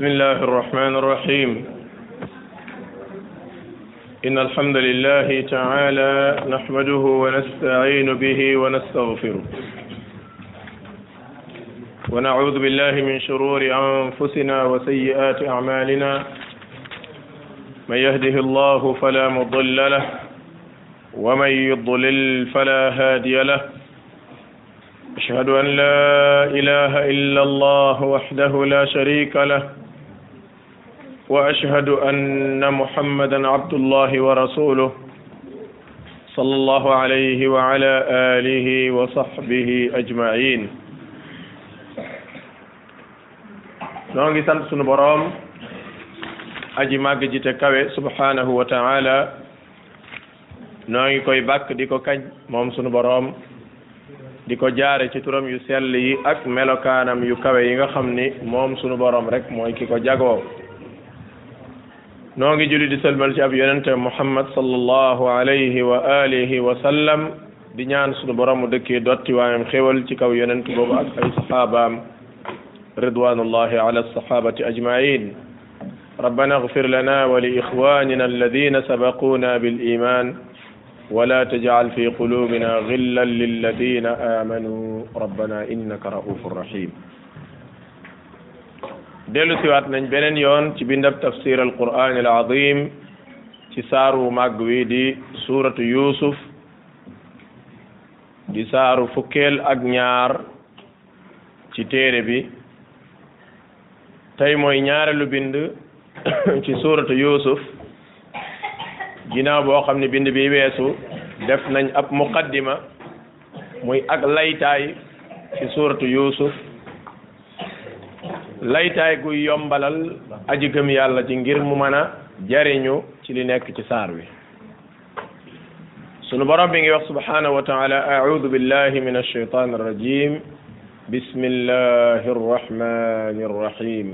بسم الله الرحمن الرحيم إن الحمد لله تعالى نحمده ونستعين به ونستغفره ونعوذ بالله من شرور أنفسنا وسيئات أعمالنا من يهده الله فلا مضل له ومن يضلل فلا هادي له أشهد أن لا إله إلا الله وحده لا شريك له واشهد ان محمدا عبد الله ورسوله صلى الله عليه وعلى اله وصحبه اجمعين نعم سانت سونو بوروم اجي ماغ كاوي سبحانه وتعالى نعم كوي باك ديكو كاج موم سونو بوروم ديكو جاري سي تورم يو سيل يي اك ملوكانام يو كاوي ييغا خامني موم سونو بوروم ريك نوغي جولي دي سلمال جاب يونت محمد صلى الله عليه وآله وسلم دي نان سنو برامو دكي دوتي وايم خيول تي كاو يونت بوباك أي صحابة رضوان الله على الصحابة أجمعين ربنا اغفر لنا ولإخواننا الذين سبقونا بالإيمان ولا تجعل في قلوبنا غلا للذين آمنوا ربنا إنك رؤوف رحيم dellu siwaat nañ beneen yoon ci bindab tafsir al quran al azim ci saaru màgg wi di suuratu yusuf di saaru fukkeel ak ñaar ci téere bi tey mooy ñaareelu bind ci suuratu yusuf ginnaaw boo xam ne bind bi weesu def nañ ab muqaddima muy ak laytaay ci suuratu yusuf laytaay guy yombalal aji gëm yàlla ci ngir mu mën a jariñu ci li nekk ci saar wi sunu borom bi ngi wax subhanahu wa taala audu billahi min alshaitan arrajim بسم الله الرحمن الرحيم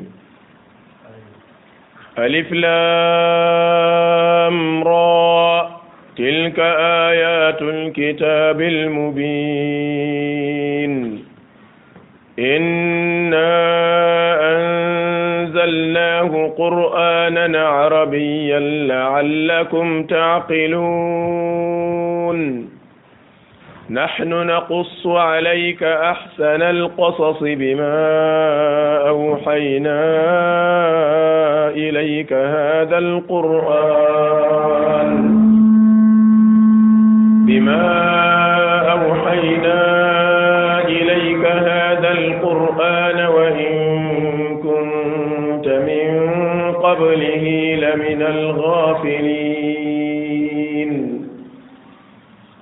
ألف لام را تلك آيات الكتاب المبين إِنَّا له قرآنا عربيا لعلكم تعقلون نحن نقص عليك أحسن القصص بما أوحينا إليك هذا القرآن بما أوحينا إليك هذا القرآن وإن قبله لمن الغافلين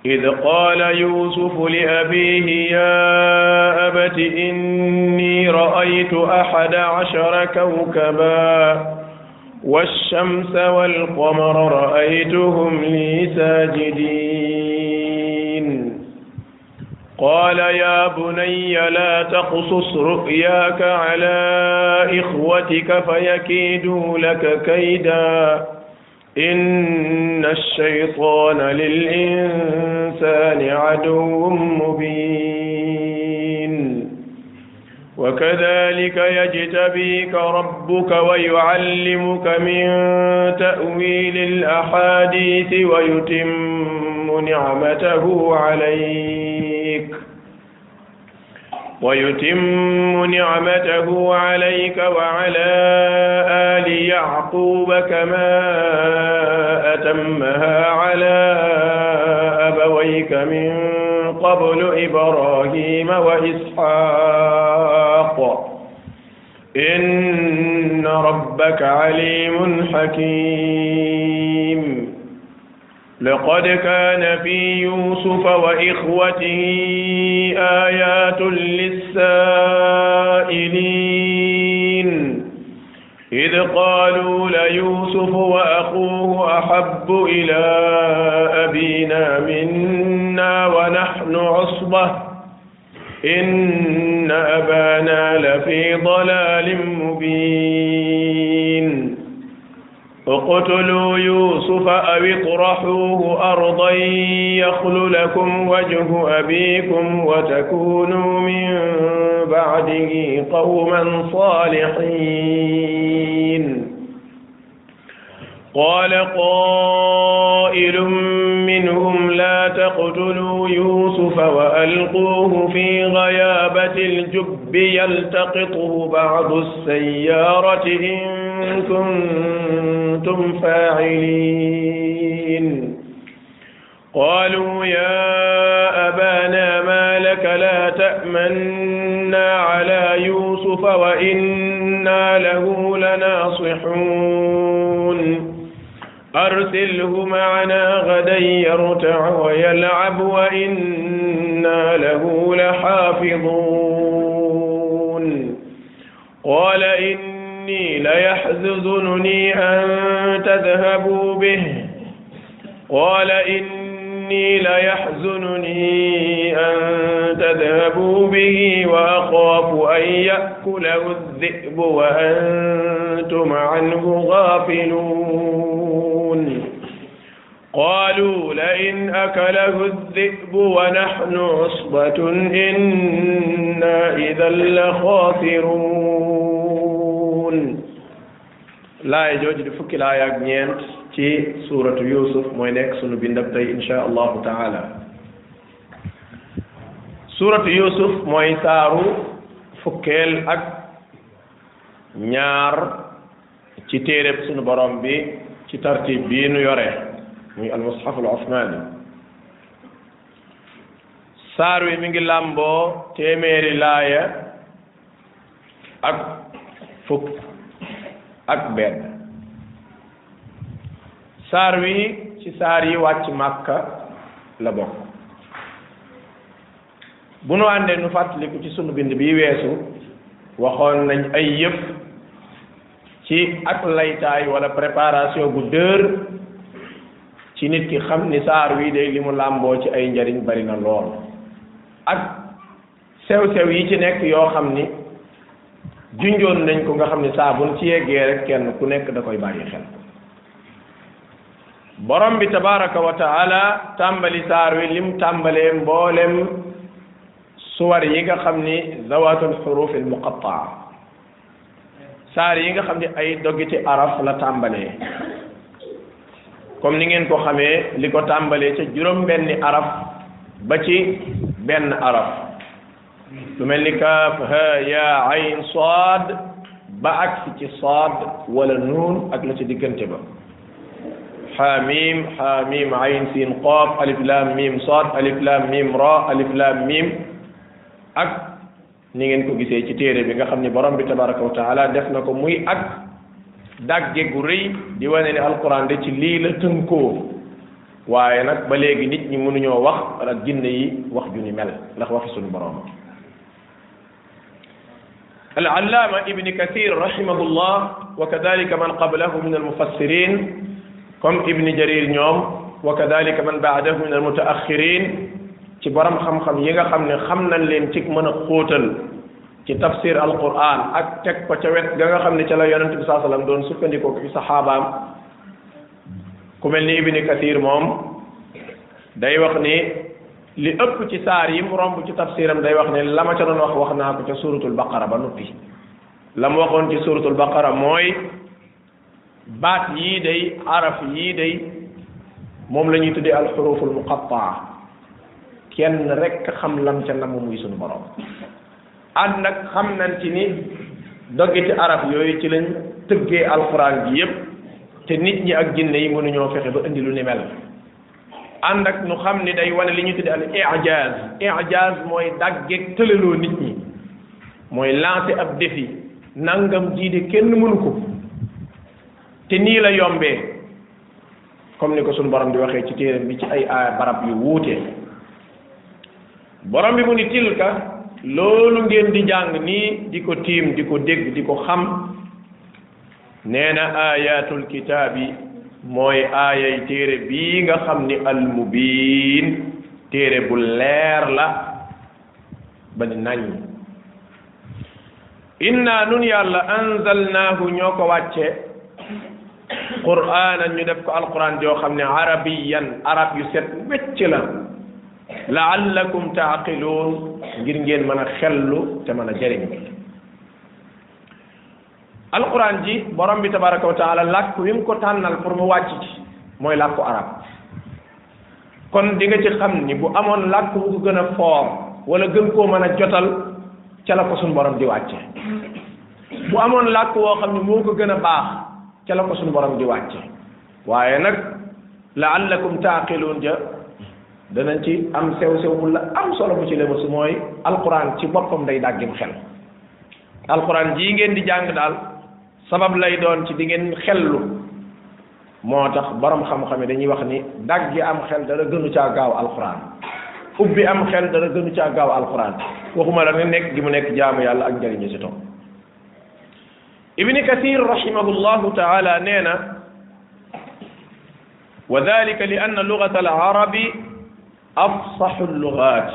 إذ قال يوسف لأبيه يا أبت إني رأيت أحد عشر كوكبا والشمس والقمر رأيتهم لي ساجدين قال يا بني لا تقصص رؤياك على إخوتك فيكيدوا لك كيدا إن الشيطان للإنسان عدو مبين وكذلك يجتبيك ربك ويعلمك من تأويل الأحاديث ويتم نعمته عليك ويتم نعمته عليك وعلى آل يعقوب كما أتمها على أبويك من قبل إبراهيم وإسحاق إن ربك عليم حكيم لقد كان في يوسف وإخوته آيات للسائلين إذ قالوا ليوسف وأخوه أحب إلى أبينا منا ونحن عصبة إن إن أبانا لفي ضلال مبين اقتلوا يوسف أو اطرحوه أرضا يخل لكم وجه أبيكم وتكونوا من بعده قوما صالحين قال قائل منهم لا تقتلوا يوسف وألقوه في غيابة الجب يلتقطه بعض السيارة إن كنتم فاعلين قالوا يا أبانا ما لك لا تأمنا على يوسف وإنا له لناصحون أرسله معنا غدا يرتع ويلعب وإنا له لحافظون قال إني ليحزنني أن تذهبوا به قال إني إني ليحزنني أن تذهبوا به وأخاف أن يأكله الذئب وأنتم عنه غافلون قالوا لئن أكله الذئب ونحن عصبة إنا إذا لخاسرون laaya jooju di fukki laaya ak ñeent ci suuratu yusuf mooy nekk sunu bindab tey insha allahu taala suuratu yusuf mooy saaru fukkeel ak ñaar ci téereb sunu borom bi ci tartib bii nu yore muy almushaf al osmaani saar wi mi ngi làmboo téeméeri laaya ak fukk ak benn saar wi ci saar yi wàcc màkka la bokk bu nu àndee nu fàttaliku ci sunu bind bi weesu waxoon nañ ay yëpp ci ak laytaay wala préparation bu dër ci nit ki xam ni saar wi day li mu làmboo ci ay njariñ bari na lool ak sew-sew yi ci nekk yoo xam ni junjoon nañ ko nga xam ne saa buñ ci yeggee rek kenn ku nekk da koy bàyyi xel borom bi tabaraka wa tàmbali saar wi lim tàmbalee mboolem suwar yi nga xam ni zawatul xuruf al muqattaa saar yi nga xam ni ay doggiti araf la tàmbalee comme ni ngeen ko xamee li ko tàmbalee ca juróom benni araf ba ci benn araf تملي كاف ها يا عين صاد بعكس صاد ولا نون أكلة دي كنتبا حاميم حاميم عين سين قاف ألف لام ميم صاد ألف لام ميم را ألف لام ميم أك نيجن كو جيسي تيري بيغا خمني برام بتبارك وتعالى دفنكو موي أك داك جي غوري دي وانيني القرآن دي تلي لتنكو waaye nag ba léegi nit ñi mënuñoo wax ak jinne yi wax ju ni mel ndax waxi suñu borom العلامة ابن كثير رحمه الله وكذلك من قبله من المفسرين كم ابن جرير نيوم وكذلك من بعده من المتأخرين تي بارام خم خم ييغا خم ني خم نان لين تي تفسير القران أكتك تك با خم ني تي لا يونس صلى دون سكندي كو في صحابام كو ابن كثير موم داي li ëpp ci saar yi mu romb ci tafsiram day wax ne la ma ca doon wax wax naa ko ca suratul baqara ba noppi la mu waxoon ci suratul baqara mooy baat yii dey araf yii day moom la ñuy tuddee alxuruful muqattaa kenn rekk xam lam ca namm muy suñu borom ànd nag xam nañ ci ni ci araf yooyu ci lañ tëggee alxuraan bi yépp te nit ñi ak jinne yi mënuñoo fexe ba indi lu ni mel ànd ak ñu xam ni day wane li ñu tudde al i'jaz mooy daggeeg tëlaloo nit ñi mooy lancer ab défi nangam jiide kenn mënu ko te nii la yombee comme ni ko suñu borom di waxee ci téere bi ci ay barab yu wuutee borom bi mu ni tilka loolu ngeen di jàng nii di ko tiim di ko dégg di ko xam nee na ayatul kitaabi mooy aayay téere bii nga xam ni almubiin téere bu leer la ba ni nañ inna nun yàlla anzalnaahu ñoo ko wàcce qur'aanan ñu def ko alquran joo xam ne arabiyan arab yu set wecc la laallakum taaqiluun ngir ngeen mën a xellu te mën a alquran ji borom bi tabaraka wa taala làkk wi mu ko tànnal pour mu wàcc ci mooy làkku arab kon di nga ci xam ni bu amoon làkk woo ko gën a foor wala gën koo mën a jotal ca la ko suñu borom di wàcce bu amoon làkk woo xam ne moo gën a baax ca la ko suñu borom di wàcce waaye nag laallakum taaqiluun ja danañ ci am sew sew bu la am solo bu ci lema su mooy alquran ci boppam day dàggim xel alquran jii ngeen di jàng daal sabab lay doon ci di ngeen xellu moo tax borom xam-xam dañuy wax ni gi am xel dara gënu caa gaaw alquran ubbi am xel dara gënu caa gaaw alquran waxuma la ne nekk gi mu nekk jaamu yàlla ak njëriñu si toog ibni kathir rahimahullahu taala nee na wa dalika li anna lugata alarabi afsaxu lugat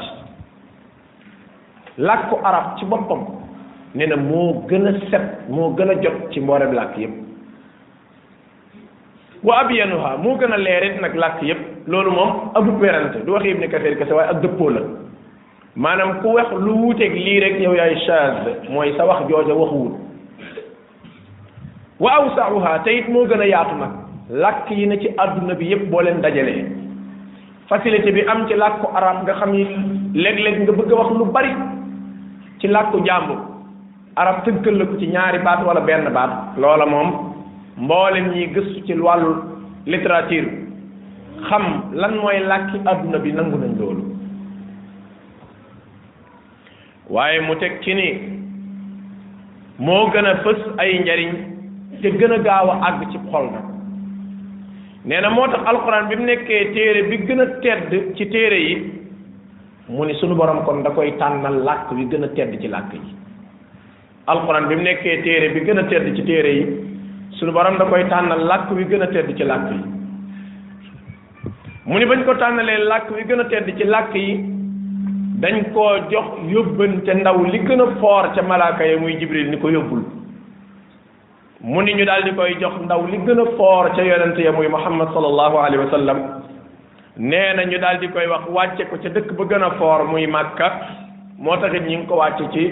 làkku arab ci boppam nee na moo gën a set moo gën a jot ci mboolem làkk yépp wa abyanuha moo gën a leerit nag làkk yépp loolu moom amut werante du wax ibni kathir kese waaye ak dëppoo la maanaam ku wax lu wuuteeg lii rek yow yaay chaz mooy sa wax jooja waxuwul wa awsauha moo gën a yaatu nag làkk yi ne ci àdduna bi yépp boo leen dajalee facilité bi am ci làkku arab nga xam ni léeg-léeg nga bëgg a wax lu bari ci làkku jàmbur arab tënkal la ko ci ñaari baat wala benn baat loola moom mboolem ñi gëstu ci wàllu littérature xam lan mooy làkki adduna bi nangu nañ loolu waaye mu teg ci ni moo gën a fës ay njariñ te gën a gaaw a àgg ci xol na nee na moo tax alxuraan bi mu nekkee téere bi gën a tedd ci téere yi mu ni sunu borom kon da koy tànnal làkk wi gën a tedd ci làkk yi alquran bi mu nekkee téere bi gën a tedd ci téere yi suñu borom da koy tànnal làkk wi gën a tedd ci làkk yi mu ni bañ ko tànnalee làkk wi gën a tedd ci làkk yi dañ koo jox ca ndaw li gën a foor ca malaaka ya muy jibril ni ko yóbbul mu ni ñu daal di koy jox ndaw li gën a foor ca yonent ya muy muhammad sallallahu alayhi wa sallam nee na ñu daal koy wax wàcce ko ca dëkk ba gën a foor muy màkka moo taxit ñi ngi ko wàcce ci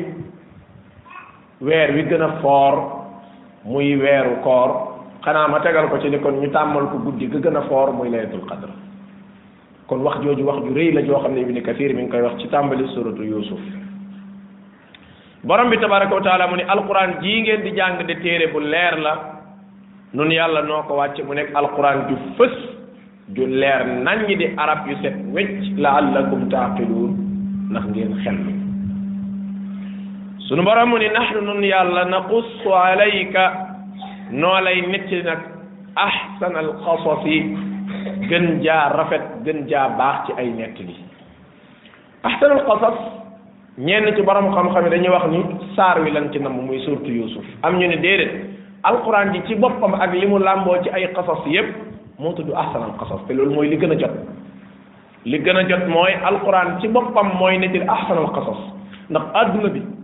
weer wi gën a foor muy weeru koor xanaa ma tegal ko ci ni kon ñu tàmbal ko guddi ga gën a foor muy laylatul qadr kon wax jooju wax ju rëy la joo xam ne ibni kathir mi ngi koy wax ci tàmbali suratu yusuf borom bi tabaraka wa mu ne alquran jii ngeen di jàng de téere bu leer la nun yàlla noo ko wàcce mu nekk alxuraan ju fës ju leer naññ di arab yu set wecc la allakum taaqiluun ndax ngeen xel sunu borom mu ni nahnu nun yàlla naqussu alayka noo lay netti nag ahsanal qasasi gën jaa rafet gën jaa baax ci ay nettali ahsanal qasas ñeen ci borom xam-xam yi dañuy wax ni saar wi lan ci namm muy suurtu Yuusuf am ñu ne déedéet alquran ji ci boppam ak li mu làmboo ci ay qasas yépp moo tudd ahsanal qasas te loolu mooy li gën a jot li gën a jot mooy alquran ci boppam mooy nettali ahsanal qasas ndax adduna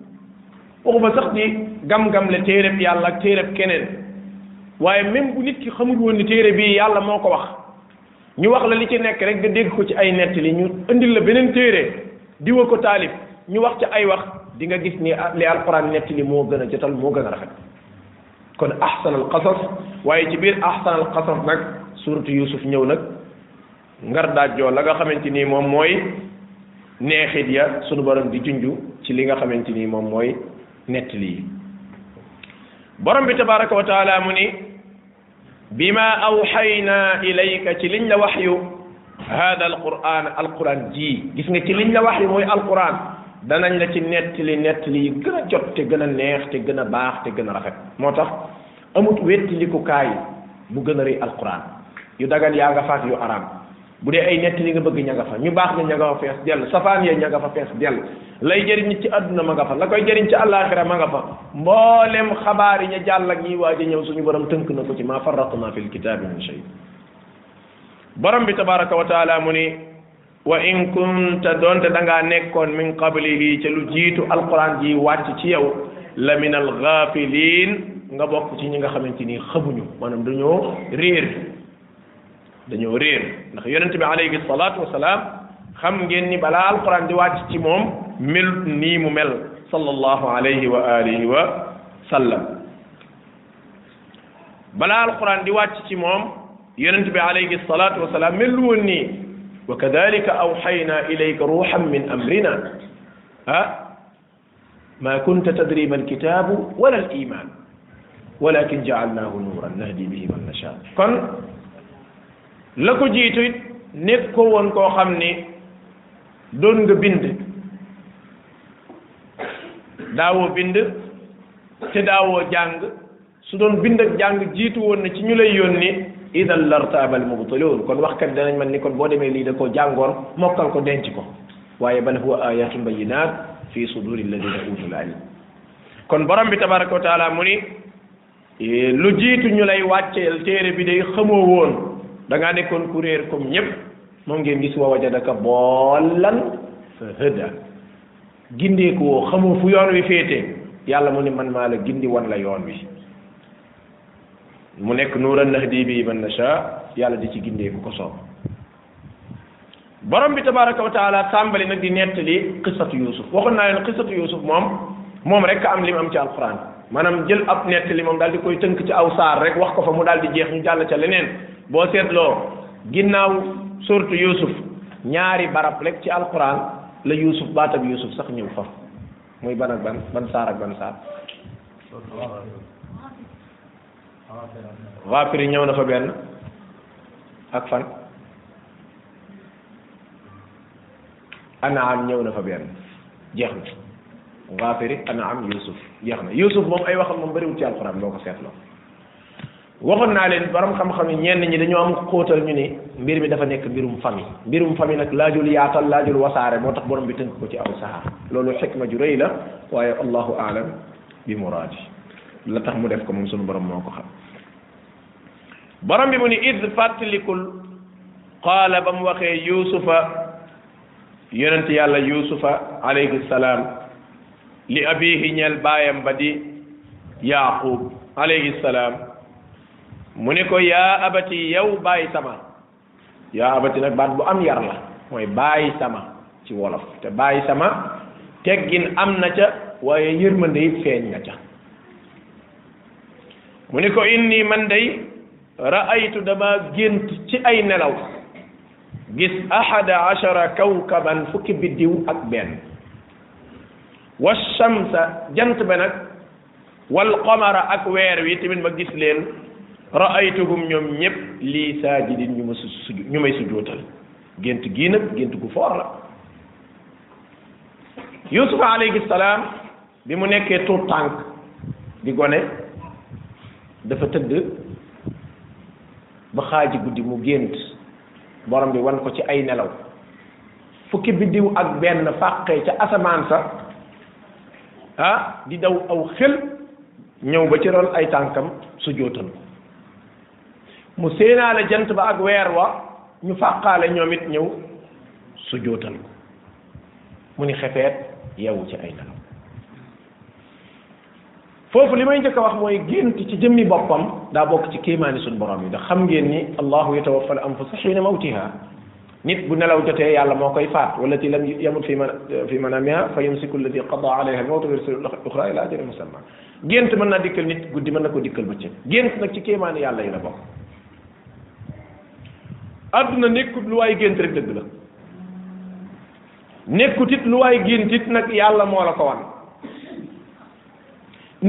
waxuma sax di gam-gam le téereb yàlla ak téereb keneen waaye même bu nit ki xamul woon ni téere bii yàlla moo ko wax ñu wax la li ci nekk rek nga dégg ko ci ay netti nettali ñu indil la beneen téere diwa ko taalif ñu wax ci ay wax di nga gis ni ah, li alquran nettali moo gën a jotal moo gën a rafet kon ahsan al waaye ci biir ahsan al qasas nag suratu yusuf ñëw nag ngar daajjoo la nga xamante nii moom mooy neexit ya sunu borom di junj ci li nga xamante nii moom mooy nettali yi borom bi tabaraka wa taala mu ni bima awxayna ilayka ci liñ la waxyu hada alquran alquran ji gis nga ci liñ la wax waxyu mooy alquran danañ la ci nettali nettali yi gën a jot te gën a neex te gën a baax te gën a rafet moo tax amut wettilikukaay bu gën a rëy alquran yu dagan yaa nga faat yu araam bu dee ay nettali nga bëgg ña nga fa ñu baax nañ ña nga fa fees dell safaan ya ña nga fa fees dell lay jëriñ ci àdduna ma nga fa la koy jëriñ ci àllaaxira ma nga fa mboolem xabaar yi ña jàll ak ñiy waaj a ñëw suñu borom tënk na ko ci ma farraqna fil kitaabi min shay borom bi tabaraka wa taala mu ni wa in kunta doonte da ngaa nekkoon min qablihi ca lu jiitu alquran ji wàcc ci yow la min al nga bokk ci ñi nga xamante ni xamuñu maanaam dañoo réer dañoo réer ndax yonente bi alayhi salaatu wasalaam xam ngeen ni balaa alquran di wàcc ci moom melut ni mu mel sallallahu alayhi wa alihi wa sallam bala alquran di wàcc ci mom yaronte bi alayhi salatu wa salam mel won ni wa kadhalika awhayna ilayka ruhan min amrina ah ما كنت تدري ما الكتاب ولا الإيمان ولكن جعلناه نورا نهدي به من نشاء كن لكو جيتو نيكو وون كو خامني دون nga bind daawoo bind te daawoo jàng su doon bind ak jàng jiitu woon na ci ñu lay yónni idan lartaabal mubtiluun kon waxkat danañ man ni kon boo demee lii da koo jàngoon mokkal ko denc ko waaye bal huwa ayatun bayinat fi suduri alladina utul ilm kon borom bi tabaraka wa mu ni lu jiitu ñu lay wàcceel téere bi day xamoo woon da ngaa nekkoon ku comme ñëpp moom ngeen gis wa wajadaka boolan fa hëda gindeeku woo xamoo fu yoon wi féete yàlla mu ni man maa la gindi wan la yoon wi mu nekk nuuran nahdi bi man nasha yàlla di ci gindeeku ko soob borom bi tabaraka wa taala tàmbali nag di nettali qisatu yusuf waxoon naa leen qisatu yusuf moom moom rek am li mu am ci alquran maanaam jël ab nettali moom daal di koy tënk ci aw saar rek wax ko fa mu daal di jeex ñu jàll ca leneen boo seetloo ginnaaw surtu yusuf ñaari barab rek ci alquran la Youssouf baatab Youssouf sax ñëw fa muy ban ak ban ban saar ak ban saar. ñëw na fa benn ak fan. Anaam ñëw na fa benn jeex na Gaafiri Anaam Youssouf jeex na Youssouf moom ay waxam moom bëriwul ci alxuraan boo ko seetloo waxoon naa leen borom xam-xam yi ñenn ñi dañoo am xóotal ñu ni. mbir mi dafa nek mbirum fami mbirum famille nag laajul yaatal laajul wasaare moo tax borom bi teunk ko ci aw sahar lolu hikma ju rëy la waaye allahu aalam bi muraadi la tax mu def ko moom sunu borom moko xam borom bi muni id fatlikul qala bam waxe yusufa yonent yàlla yusufa alayhi salam li abeehi nyal bayam badi yaqub alayhi salam muniko ya abati yow bay sama yaa abati baat bu am yar la mooy bàyyi sama ci wolof te bàyyi sama teggin am na ca waaye yërmande it feeñ na ca mu ni ko inni man day ra'aytu dama gént ci ay nelaw gis ahada ashara kawkaban fukki biddiw ak benn wa shamsa jant ba nag wal qamara ak weer wi tamit ma gis leen ra'aytuhum ñoom ñëpp lii saajidin ñu ma su ñu may sujootal gént gii nag gént gu foor la yusufa alayhi salaam bi mu nekkee tuut tànk di gone dafa tëdd ba xaaji guddi mu gént borom bi wan ko ci ay nelaw fukki biddiw ak benn fàqee ca asamaan sa ah, di daw aw xel ñëw ba ci ron ay tànkam sujootal ko mu séenaale jant ba ak weer wa ñu fàqaale ñoom it ñëw su jootal ko mu ni xefeet yewu ci ay nalaw foofu li may njëkk a wax mooy gént ci jëmmi boppam daa bokk ci kéemaani suñ borom yi da xam ngeen ni allahu yatawafal anfusa xiina mawtiha nit bu nelaw jotee yàlla moo koy faat wala ti lam yamut fi man fi manamiha fa yumsiku alladi qada alayha almawt wa yursilu ukhra ila ajalin musamma gént mën naa dikkal nit guddi mën na ko dikkal bëccëg gént nag ci kéemaani yàlla yi la bokk àdduna nekkut lu waay gént rek dëgg la nekkut it lu waay gént it nag yàlla moo la ko wan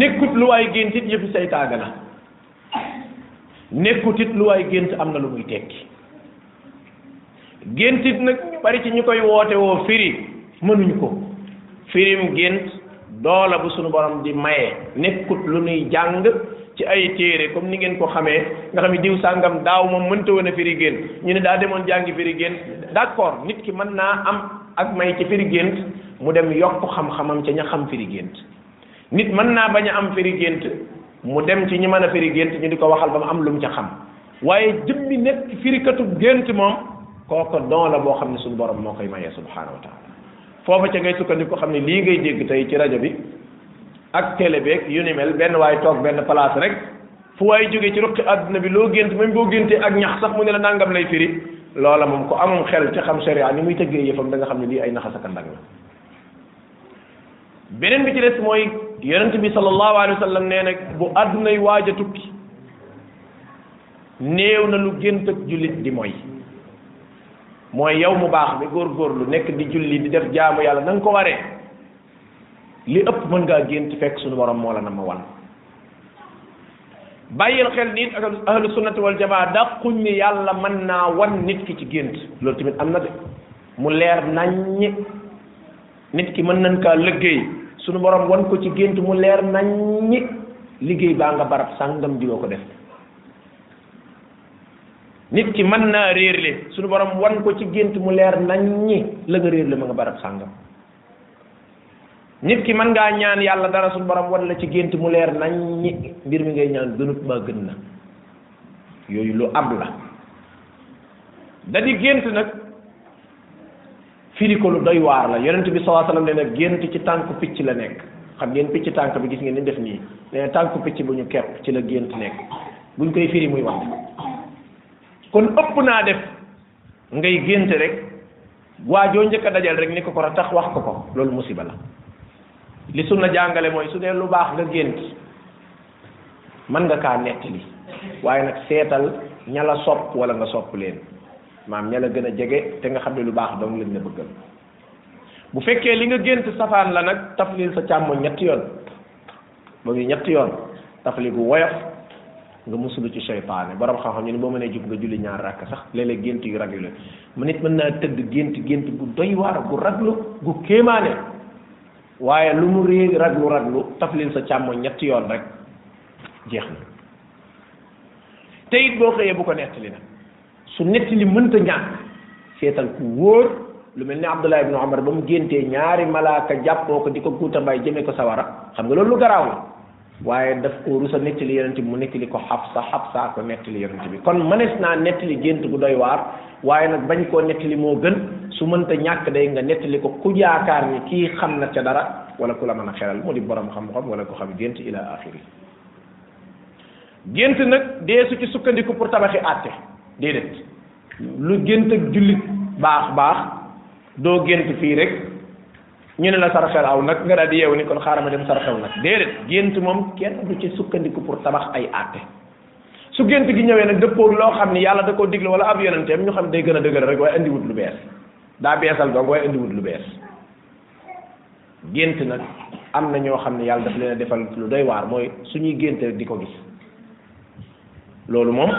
nekkut lu waay gént it yëfi saytaane la nekkut it lu waay gént am na lu muy tekki gént it nag bari ci ñu koy woote woo firi mënuñu ko firim gént doola bu suñu borom di maye nekkut lu nuy jàng ci ay téere comme ni ngeen ko xamee nga xam diw sàngam daaw moom mënta woon a firi gént ñu ne daa demoon jàngi firi gént d'accord nit ki mën naa am ak may ci firi gént mu dem yokk xam-xamam ca ña xam firi gént nit mën naa bañ a am firi gént mu dem ci ñi mën a firi gént ñu di ko waxal ba mu am lu mu ca xam waaye jëmmi nekk firikatu gént moom kooko don la boo xam ne suñu borom moo koy mayee subhanahu wa foofu foofa ca ngay sukkandiku ko xam ne lii ngay dégg tey ci rajo bi ak télé beeg yu ni mel benn waay toog benn place rek fu waay jógee ci ruqi àdduna bi loo gént même boo géntee ak ñax sax mu ne la nàngam lay firi loola moom ko amum xel ca xam sharia ni muy tëggee yëfam da nga xam ne lii ay naxasaka ndang la beneen bi ci des mooy yonent bi sallallahu alayhi wa sallam nee na bu àddunay waaj a tukki na lu gént ak jullit di mooy mooy yow mu baax bi lu nekk di julli di def jaamu yàlla na ko waree li ëpp mën ngaa gént fekk suñu borom moo la na ma wan bàyyil xel nit ak ahlu sunnati wal jamaa dàquñ ni yàlla mën naa wan nit ki ci gént loolu tamit am na de mu leer naññ nit ki mën nañ kaa liggéey sunu borom wan ko ci gént mu leer nañ naññ liggéey baa nga barab sàngam di ko def nit ki mën naa réerle sunu borom wan ko ci gént mu leer naññ la nga réerle ma nga barab sàngam nit ki mën ngaa ñaan yàlla dara suñu borom wan la ci gént mu leer nañ ñi mbir mi ngay ñaan gënut maa gën na yooyu lu am la da gént nag firi ko lu doy waar la yonent bi sallallahu alayhi wasallam nee gént ci tànk picc la nekk xam ngeen picc tànk bi gis ngeen ni def nii nee na tànku picc bu ñu kepp ci la gént nekk buñ koy firi muy wax kon ëpp naa def ngay gént rek waa joo njëkk a dajal rek ni ko ko tax wax ko ko loolu musiba la li su sunna jàngale mooy su dee lu baax nga gént mën nga kaa li waaye nag seetal ñala la sopp wala nga sopp leen maam ña la gën a jege te nga xam ne lu baax dong lañ la bëggal bu fekkee li nga gént safaan la nag taflil sa càmmoñ ñetti yoon ba muy ñetti yoon tafli gu woyof nga musulu ci seytaane borom xam-xam ñu ne boo mënee jub nga julli ñaar ràkk sax léeg gént yu raglu mu nit mën naa tëdd gént gént gu doy waar gu raglu gu kéemaane waaye lu mu réer raglu raglu taflil sa càmmoñ ñetti yoon rek jeex na te it boo xëyee bu ko nettali nag su li mënta ñàkk seetal ku wóor lu mel ni Abdullah ibn Umar ba mu géntee ñaari malaaka jàppoo ko di ko guutambaay jëmee ko sawara xam nga loolu lu garaaw la waaye daf ko rusa nettali yonent bi mu nettali ko Xafsa Xafsa ko nettali yonent bi kon mënees naa nettali gént gu doy waar waaye nag bañ koo nettali moo gën su mënta ñàkk day nga nettali ko ku yaakaar ni kii xam na ca dara wala ku la mën a xelal mu di borom xam-xam wala ko xam gént ila axiri gént nag dee su ci sukkandiku pour tabaxi àtte déedéet lu gént ak jullit baax baax doo gént fii rek ñu ne la saraxel aw nag nga daal di yeew ni kon xaaral ma dem saraxew nag déedéet gént moom kenn du ci sukkandiku pour tabax ay àtte su gént gi ñëwee nag dëppoog loo xam ni yàlla da koo digle wala ab yonanteem ñu xam day gën a dëgëral rek waaye lu bees daa beesal dong waaye indiwut lu bees gént nag am na ñoo xam ne yàlla daf leen a defal lu doy waar mooy suñuy gént rek di ko gis loolu moom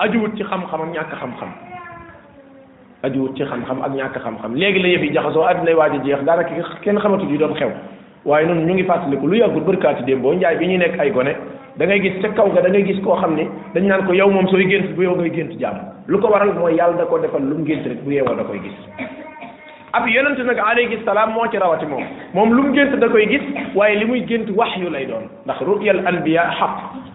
ajuwut ci xam-xamam ñàkk xam-xam ajuwut ci xam-xam ak ñàkk xam-xam léegi la yëf yi jaxasoo àddinay waaj a jeex daanaka kenn xamatu ji doon xew waaye noonu ñu ngi fàttaliku lu yàggul bërkaati démb boo njaay bi ñuy nekk ay gone da ngay gis ca kaw ga da gis koo xam ne dañ naan ko yow moom sooy gént bu yow ngay gént jàmm lu ko waral mooy yàlla da ko defal lu mu gént rek bu yeewoo da koy gis ab yonent nag alayhi salaam moo ci rawati moom moom lu mu gént da koy gis waaye li muy gént waxyu lay doon ndax ru'yal anbiya xaq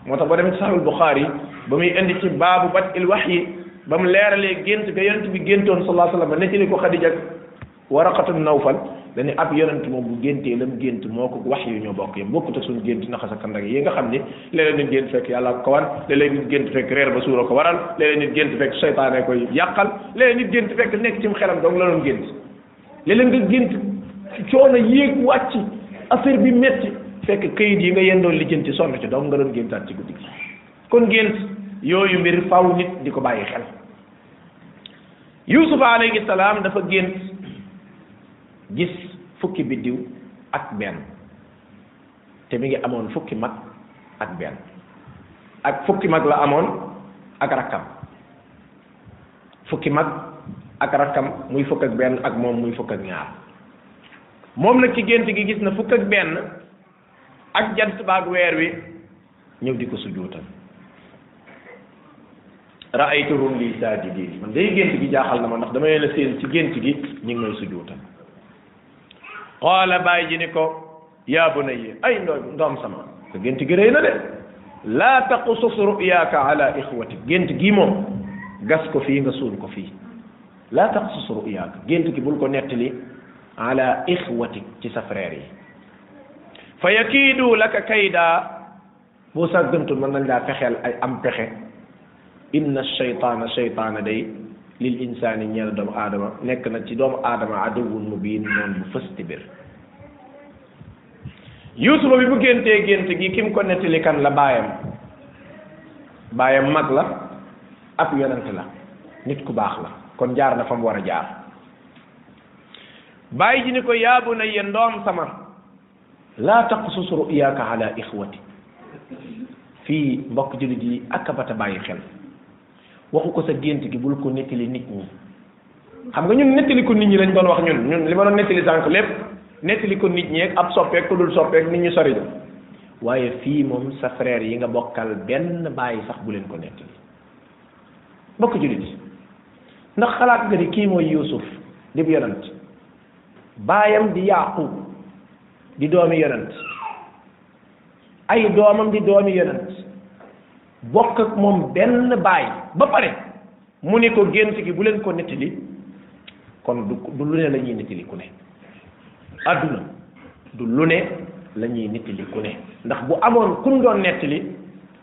moo tax ba dem ci saxul Buxaari ba muy indi ci baabu bat il waxyi ba mu leeralee gént ga yonent bi géntoon sallallahu alayhi wa sallam ne ci li ko Xadija ak waraqatu nawfal dañu ab yonent moom bu géntee la mu gént moo ko wax yu ñoo bokk yam bokkut ak suñu gént naxas ak ndag yi nga xam ni léeg-léeg nit gént fekk yàlla ko wan léeg-léeg ko waral léeg-léeg nit gént fekk seytaane koy yàqal léeg-léeg nit gént fekk nekk ci xelam dong la doon gént léeg nga gént coono yéeg wàcc affaire bi metti fekk kayit yi nga yendoon lijjanti sonn ci dong nga doon géntaat ci guddi kon gént yooyu mbir faw nit di ko bàyyi xel yusuf alayhi salaam dafa gént fukki biddiw ak benn te mi ngi amoon fukki mag ak benn ak fukki mag la amoon ak rakkam fukki mag ak rakkam muy fukk ak benn ak moom muy fukk ak ñaar moom nag ci gént gi gis na fukk ak benn ak jant baag weer wi ñëw di ko sujjóotal raaytuhum li saajidin man day gént gi jaaxal na ma ndax dama leen a séen ci gént gi ñu ngi may sujjóotal xoola bàyyi ji ni ko yaa bunayya ay ndo ndoom sama sa gént gi rëy na de laa taqusus ruyaaka ala ixwatik gént gi moom gas ko fii nga suul ko fii laa taqusus ruyaaka gént gi bul ko nettali ala ixwatik ci sa frère yi fa yakiidu laka kaydaa boo sàggantul mën nañ laa fexeel ay am pexe inna shaytaana shaytaana day lil insaani ñeel doomu aadama nekk na ci doomu aadama aduwun mubiin noonu bu fës ci yuusufa bi mu géntee gént gi ki mu ko nettali kan la baayam baayam mag la ab yonent la nit ku baax la kon jaar na fa mu war a jaar bàyyi ji ni ko yaabu na ye ndoom sama laa su ru'yaaka ala ixwati fii mbokk jullit yi ak bata bàyyi xel waxu ko sa gént gi bul ko nettali nit ñi xam nga ñun nettali ko nit ñi lañ doon wax ñun ñun li ma doon nettali sànq lépp nettali ko nit ñi ak ab soppeek ku dul soppeek nit ñu soriñu waaye fii moom sa frère yi nga bokkal benn bàyyi sax bu leen ko nettali bokk jullit yi ndax xalaat nga ni kii mooy Yuusuf di bu yonant baayam di Yaaqub di doomi yonant ay doomam di doomi yonant bokk ak moom benn baay ba pare mu ni ko gént gi bu leen ko nettali kon du du lu ne la ñuy nettali ku ne adduna du lu ne la ñuy nettali ku ne ndax bu amoon kun doon nettali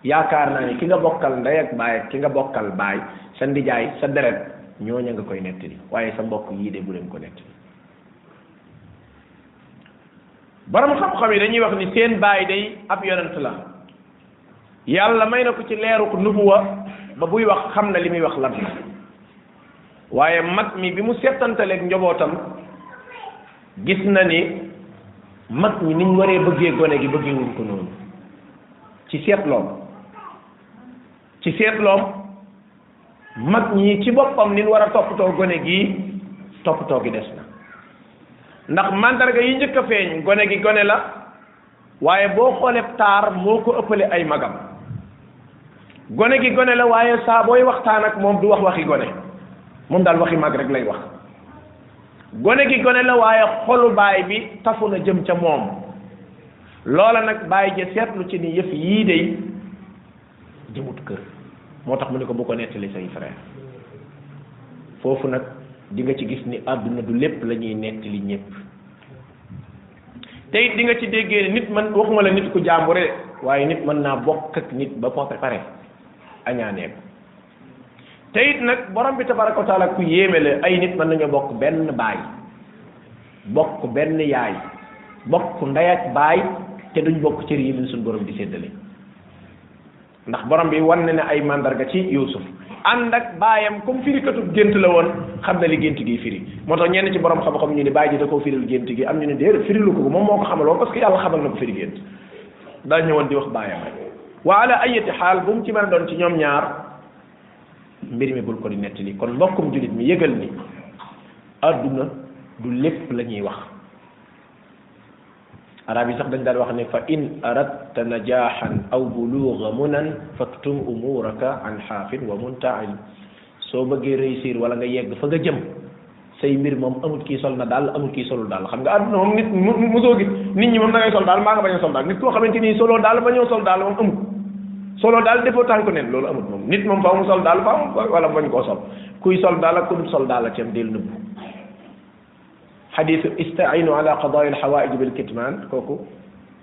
yaakaar naa ni ki nga bokkal ndey ak baay ki nga bokkal baay sa ndijaay sa deret ñooña nga koy nettali waaye sa mbokk yii de bu leen ko nettali borom xam-xam yi dañuy wax ni seen baay day ab yonent la yàlla may na ko ci leeru leeruk nubuwa ba buy wax xam na li muy wax lan la waaye mag mi bi mu settantaleeg njobootam gis na ni mag ñi niñ waree bëggee gone gi bëggeewuñ ko noonu ci seetloom ci seetloom mag ñi ci boppam niñ war a toppatoo gone gi toppatoo gi des na ndax mandarga yi njëkk a feeñ gone gi gone la waaye boo xoolee taar moo ko ëppale ay magam gone gi gone la waaye saabooy waxtaan ak moom du wax waxi gone moom daal waxi mag rek lay wax gone gi gone la waaye xolu baay bi tafu na jëm ca moom loola nag baay ja seetlu ci ni yëf yii dey jëmut kër moo tax mu ne ko bu ko nettali say frère foofu nag dinga ci gis ni àdduna du lépp la ñuy nettali ñépp te it nga ci déggee nit man waxuma la nit ku jàmbure waaye nit mën naa bokk ak nit ba pare añaanee ko te it nag borom bi tabaraka wa taala ku yéeme la ay nit mën nañoo bokk benn baay bokk benn yaay bokk ndey baay te duñ bokk cër yi leen suñ borom di séddale ndax borom bi wan na ay mandarga ci Yuusuf ànd ak baayam comme firikatu gént la woon xam na li gént gi firi moo tax ñenn ci borom xam-xam ñu ne baay ji da koo firil gént gi am ñu ne déedéet firilu ko moom moo ko xamaloon parce que yàlla xamal na ko firi gént daa ñëwoon di wax baayam wa ala ayati xaal bu mu ci man a doon ci ñoom ñaar mbir mi bul ko di nettali kon mbokkum jullit mi yëgal ni adduna du lépp la ñuy wax arab yi sax dañ daan wax ne fa in aradta najaaxan aw buluuga munan faktum umuraka an xaafin wa muntail soo bëggee réussir wala nga yegg fa nga jëm say mbir moom amut kii sol na daal amut kii solul daal xam nga àdduna moom nit mu musoo gis nit ñi moom da ngay sol daal maa nga bañ a sol daal nit koo xamante nii soloo daal bañoo sol daal solo daal defoo tànk neen loolu amut moom nit moom faaw mu sol daal faaw mu wala bañ koo sol kuy sol daal ak ku dul sol daal la ci am del nëbbu xadisu istainu ala qadaai alxawaaij bil kitman kooku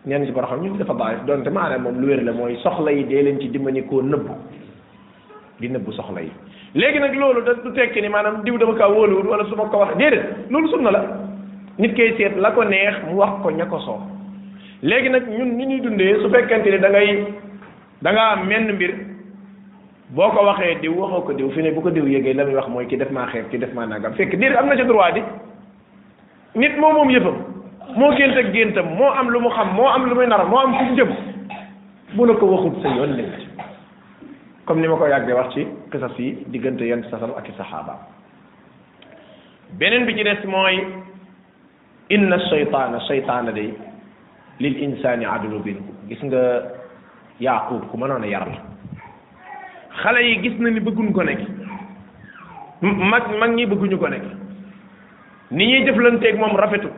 ñenn ci xam ñu dafa daif donte maanaam moom lu wér la mooy soxla yi dee leen ci dimbali koo nëbbu di nëbbu soxla yi léegi nag loolu da du tekki ni maanaam diw dama kaa wóoluwul wala su ma ko wax déedéet loolu sunna la nit koy seet la ko neex mu wax ko ña ko soo léegi nag ñun ni ñuy dundee su fekkente ni da ngay da nga am men mbir boko waxe di diw ko diw fini bu ko diw yegge lamay wax moy ki def ma xef ki def ma nagam fek dir amna ci droit di nit moo mom yëfam moo gént ak géntam mo am lu mu xam mo am lu muy nar mo am fu jëm bu nako waxut sa yoon nekk ci comme nima ma ko yàggee wax ci qisas yi diggante yenn sasam ak sahaba benen bi ci dess moy inna ash-shaytana shaytana day lil insani adlu bin gis nga yaaquub ku mënoon a yar la xale yi gis na ni bëgguñ ko nekk mag mag ñi bëgguñu ko nekk ni ñuy jëflanteeg moom rafetu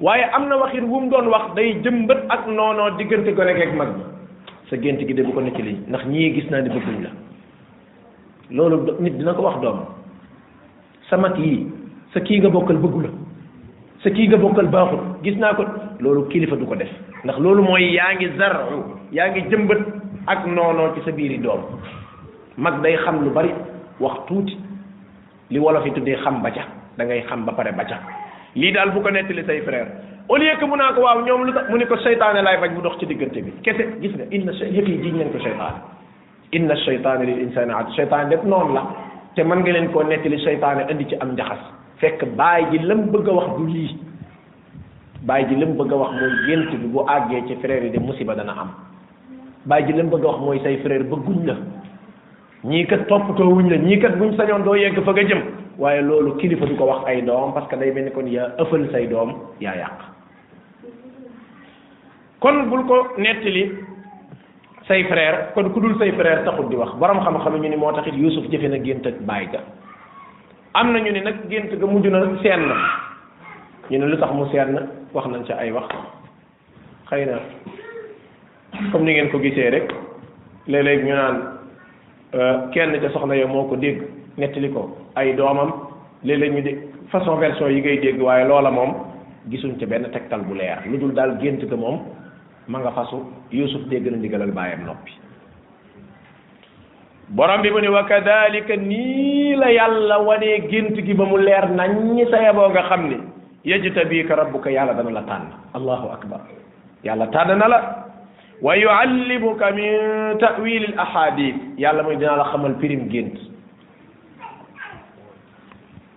waaye am na waxit wu mu doon wax day jëmbët ak noonoo diggante gone ak mag bi sa gént gi de bu ko nekk li ndax ñii gis naa ni bëgguñ la loolu nit dina ko wax doom sa mag yii sa kii nga bokkal bëggu la sa kii nga bokkal baaxul gis naa ko loolu kilifa du ko def ndax loolu mooy yaa ngi zaru yaa ngi jëmbat ak noonoo ci sa biiri doom mag day xam lu bari wax tuuti li wolof yi tuddee xam ba ca da ngay xam ba pare ba ca lii daal bu ko nettali say frère au lieu que mu naa ko waaw ñoom lu tax mu ne ko seytaane laay bañ mu dox ci diggante bi kese gis nga inna yëf yi jiñ leen ko seytaane inna seytaane lil insaani adu seytaane def noonu la te mën nga leen koo nettali seytaane indi ci am njaxas fekk baay ji lam bëgg a wax du lii baay ji lam bëgg a wax mooy gént bi àggee ci frère yi de musiba dana am bàyyi ji leen bëgg a wax mooy say frère bëgguñ la ñii kat toppatoo wuñ la ñii kat buñ sañoon doo yegg fa nga jëm waaye loolu kilifa du ko wax ay doom parce que day mel ni kon yaa ëffal say doom yaa yàq kon bul ko nettali say frère kon ku dul say frère taxut di wax borom xam-xam ñu ni moo taxit Yuusuf jëfe na gént ak baay ga am na ñu ni nag gént ga mujj na seen na ñu ne lu tax mu seen na wax nañ ca ay wax xëy na comme ni ngeen ko gisee rek léeg-léeg ñu naan euh, kenn ca soxna yo moo ko dégg nettali ko ay doomam léeg-léeg ñu dégg façon version yi ngay dégg waaye loola moom gisuñ ca benn tegtal bu leer lu dul daal gént ga moom ma nga fasu yusuf dégg na ndigalal baayam noppi borom bi mu ne wa kadalika nii la yàlla wanee gént gi ba mu leer naññ sa yeboo nga xam ne yajtabika rabbuka yàlla dana la tànn allahu akbar yàlla tànn na la wa yuallimuka min tawil al ahadith yàlla muy dinaa la xamal pirim gént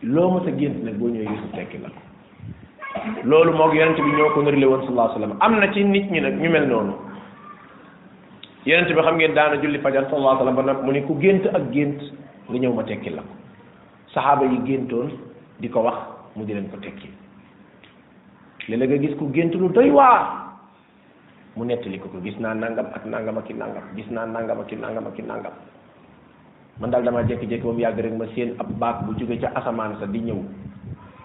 loo mës a gént nag boo ñëwee Yuusuf tekki la loolu moog yonent bi ñoo ko nërile woon sallallahu alayhi wasallam am na ci nit ñi nag ñu mel noonu yonent bi xam ngeen daana julli fajar sallallahu alayhi wasallam mu ne ku gént ak gént nga ñëw ma tekki la ko saxaaba yi géntoon di ko wax mu di ko tekki léeg-léeg nga gis ku gént lu doy waar mu nettali gis naa nangam ak nangam ak i nangam gis naa nangam ak i nangam ak i nangam man daal damaa jékki-jékki ba yàgg rek ma seen ab baag bu jóge ca asamaan sa di ñëw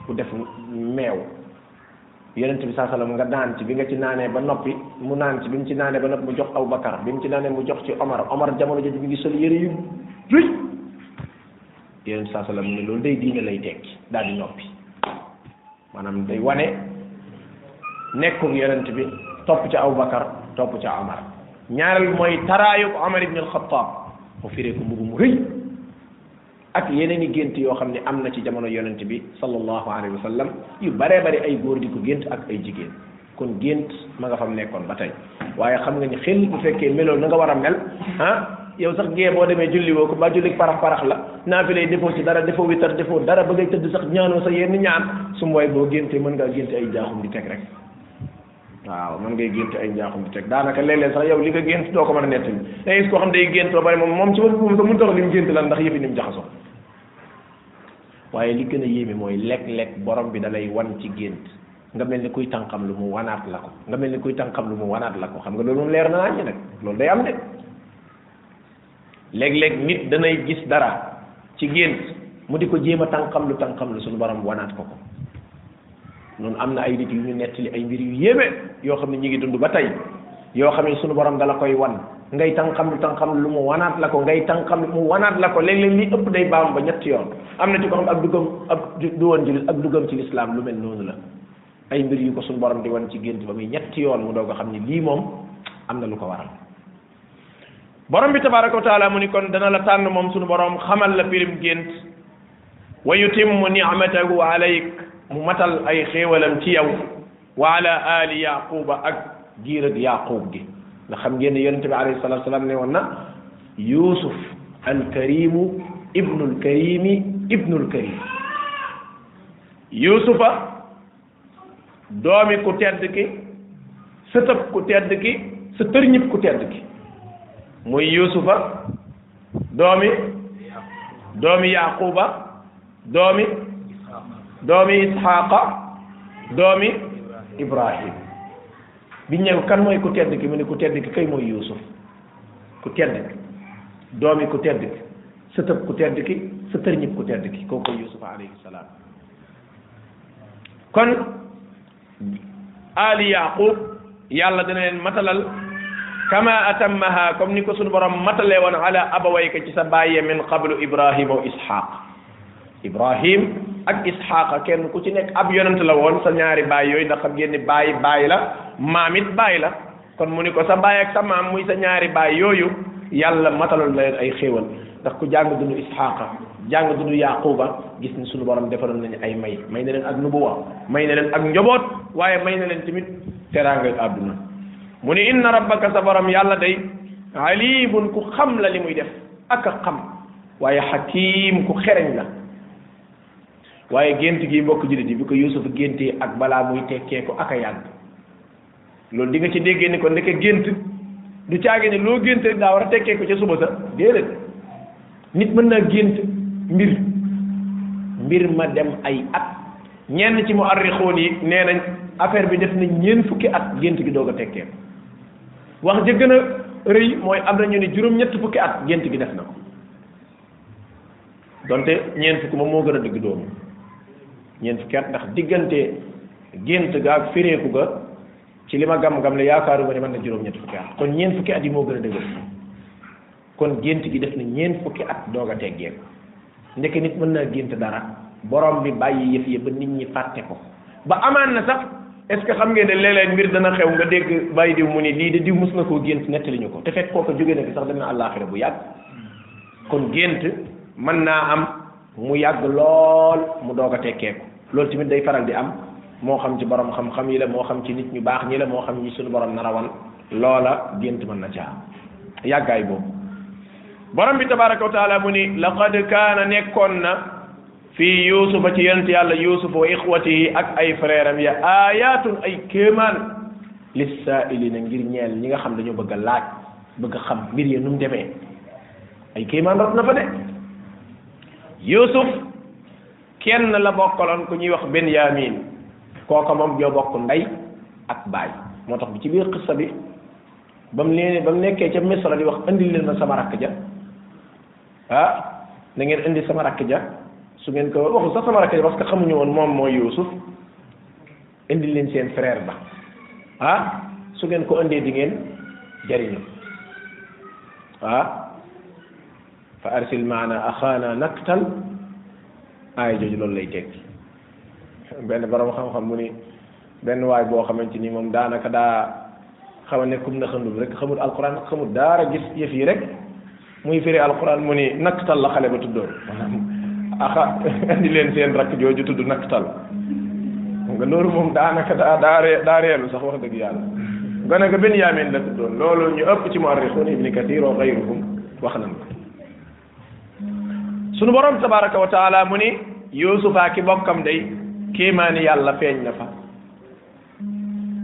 ku def meew yonent bi saa salaam nga naan ci bi nga ci naanee ba noppi mu naan ci bi mu ci naanee ba noppi mu jox Abubakar bi mu ci naanee mu jox ci Omar Omar jamono jooju mi ngi sol yëre yu rëy yonent saa salaam ne loolu day diine lay tekki daal di noppi maanaam day wane nekkum bi topp ca Aboubacar topp ca Omar ñaareel mooy taraayub Omar ibn al-Khattab mu firee ko mbubu mu ak yeneen i gént yoo xam ne am na ci jamono yonent bi sallallahu alayhi wa sallam yu baree bari ay góor di ko gént ak ay jigéen kon gént ma nga fam nekkoon ba tey waaye xam nga ni xel bu fekkee meloo na nga war a mel ah yow sax gée boo demee julli woo ko ba julli parax parax la naa fi lay defoo ci dara defoo witar defoo dara ba ngay tëdd sax ñaanoo sax yenn ñaan su mooy boo géntee mën ngaa génte ay jaaxum di teg rek waaw mën ngay gént ay njaaxum di teg daanaka léeg-léeg sax li nga gént doo ko mën a nettali koo xam day gént ba pare moom moom ci boppam sax mënu tax li mu gént lan ndax yëfi ni mu jaxasoo waaye li gën a yéeme mooy lekk-lekk borom bi dalay wan ci gént nga mel ni kuy tànqam lu mu wanaat la ko nga mel ni kuy tànqam lu mu wanaat la ko xam nga loolu moom leer na naa ñi nag loolu day am de léeg-léeg nit danay gis dara ci gént mu di ko jéem a tànqam lu tànqam lu suñu borom wanaat ko ko noonu am na ay nit yu ñu ay mbir yu yéeme yoo xam ne ñu ngi dund ba tey yoo xam ne sunu borom dala koy wan ngay tànqam lu tànqam lu mu wanaat la ko ngay tànqam mu wanaat la ko léeg-léeg li ëpp day baam ba ñetti yoon am na ci ko ak duggam ak du woon ci ak ci lislaam lu mel noonu la ay mbir yu ko sunu borom di wan ci gént ba muy ñetti yoon mu doo a xam ne lii moom am na lu ko waral borom bi tabaraka wa taala mu ni kon dana la tànn moom suñu borom xamal la pirim gént wa yutimmu ni'matahu alayk mu matal ay xéewalam ci yow wa ali yaquba ak giir ak yaqub gi na xam ngeen ne yonente bi alayhi salatu wasalam ne woon na yusuf alkarimu ibnu alkarimi ibnu karim yusufa doomi ku tedd ki sëtëb ku tedd ki sa tërñib ku tedd ki muy yusufa doomi doomi yaquba doomi doomi Isxaaqa doomi Ibrahim biñ ne ko kan mooy ku tedd ki mu ne ku tedd ki kay mooy Yuusuf ku tedd ki doomi ku tedd ki sa tëb ku tedd ki sa tërñib ku tedd ki kooku Yuusuf alayhi salaam kon aali yaqub yàlla dana leen matalal kama atammaha comme ni ko sunu borom matalee woon ala abawayka ci sa bàyyee min qablu ibrahima wa ishaq ibrahim ak ishaqa kenn ku ci nekk ab yonent la woon sa ñaari baay yooyu ndax xam ngeen baay baay la maam it baay la kon mu ni ko sa baay ak sa maam muy sa ñaari baay yooyu yàlla matalal na ay xéewal ndax ku jàng dunu ishaqa jàng yàquba gis ni suñu borom defaloon nañu ay may may na leen ak nubuwa may na leen ak njoboot waaye may na leen tamit teraanga àdduna mu ni inna rabbaka sa borom yàlla day alimun ku xam la li muy def ak a xam waaye xakim ku xereñ la waaye gént gi mbokk jullit yi bi ko Yuusuf géntee ak balaa muy tekkee ko ak yàgg loolu di nga ci déggee ni ko ndeke gént du caage ne loo gént daa war a tekkee ko ca suba sa déedéet nit mën naa gént mbir mbir ma dem ay at ñenn ci mu arrixoon yi nee nañ affaire bi def na ñeent fukki at gént gi doog a tekkee wax ja gën rëy mooy am nañu ne juróom ñett fukki at gént gi def na ko donte ñeent fukki moom moo gën a dëgg doomu ñeent fukki at ndax diggante gént ga ak féreeku ga ci li ma gam-gam la yaakaaruma ne man na juróom-ñeent fukki at kon ñeent fukki at yi moo gën a dëgër kon gént gi def na ñeent fukki at doog a teggeeku ndeke nit mën naa gént dara borom bi bàyyi yëf yi ba nit ñi fàtte ba amaan na sax est ce que xam ngeen ne léeg mbir dana xew nga dégg bàyyi diw mu ni lii de di mos na koo gént nettali ñu ko te fekk kooka jóge na fi sax dana àllaaxira bu yàgg kon gént mën naa am mu yàgg lool mu doog a tekkeeku loolu tamit day faral di am moo xam ci boroom xam-xam yi la moo xam ci nit ñu baax ñi la moo xam ñi suñu borom narawan loola gént mën na caa yàggaay boobu borom bi tabaraka wa taala mu ni laqad kaana nekkoon na fii yusufa ci yonent yàlla yusufa wa ixwatihi ak ay frère ya ayatun ay kéemaan lissaa'ilina ngir ñeel ñi nga xam dañoo bëgg a laaj bëgg xam mbir ya nu mu demee ay kéemaan rot na fa de yusuf kenn la bokkaloon ku ñuy wax Benyamin kooka moom ñoo bokk ndey ak baay moo tax bi ci biir xissa bi ba mu leen ba mu nekkee ca misra di wax indi leen na sama rakk ja ah na ngeen indi sama rakk ja su ngeen ko waxu sax sama rakk ja parce que xamuñu woon moom mooy Yuusuf indi leen seen frère ba ah su ngeen ko indee di ngeen jariñu ah fa arsil maana axaana naktal aay jooju loolu lay tekki benn borom xam-xam mu ni benn waay boo xamante ni moom daanaka daa xaw a nekkum na xandul rek xamul alquran xamul daara gis yi rek muy firi alquran mu ni nakktal la xale ba tuddoon maanaam andi leen seen rakk jooju tudd nakktal nga loolu moom daanaka daa daa sax wax dëgg yàlla gone ga benn yaameen la tuddoon loolu ñu ëpp ci muarrixuun ibni kathir wa xayruhum wax nañ ko sunu borom tabaraka wa mu ni yuusufa ki bokkam day kéemaani yàlla feeñ na fa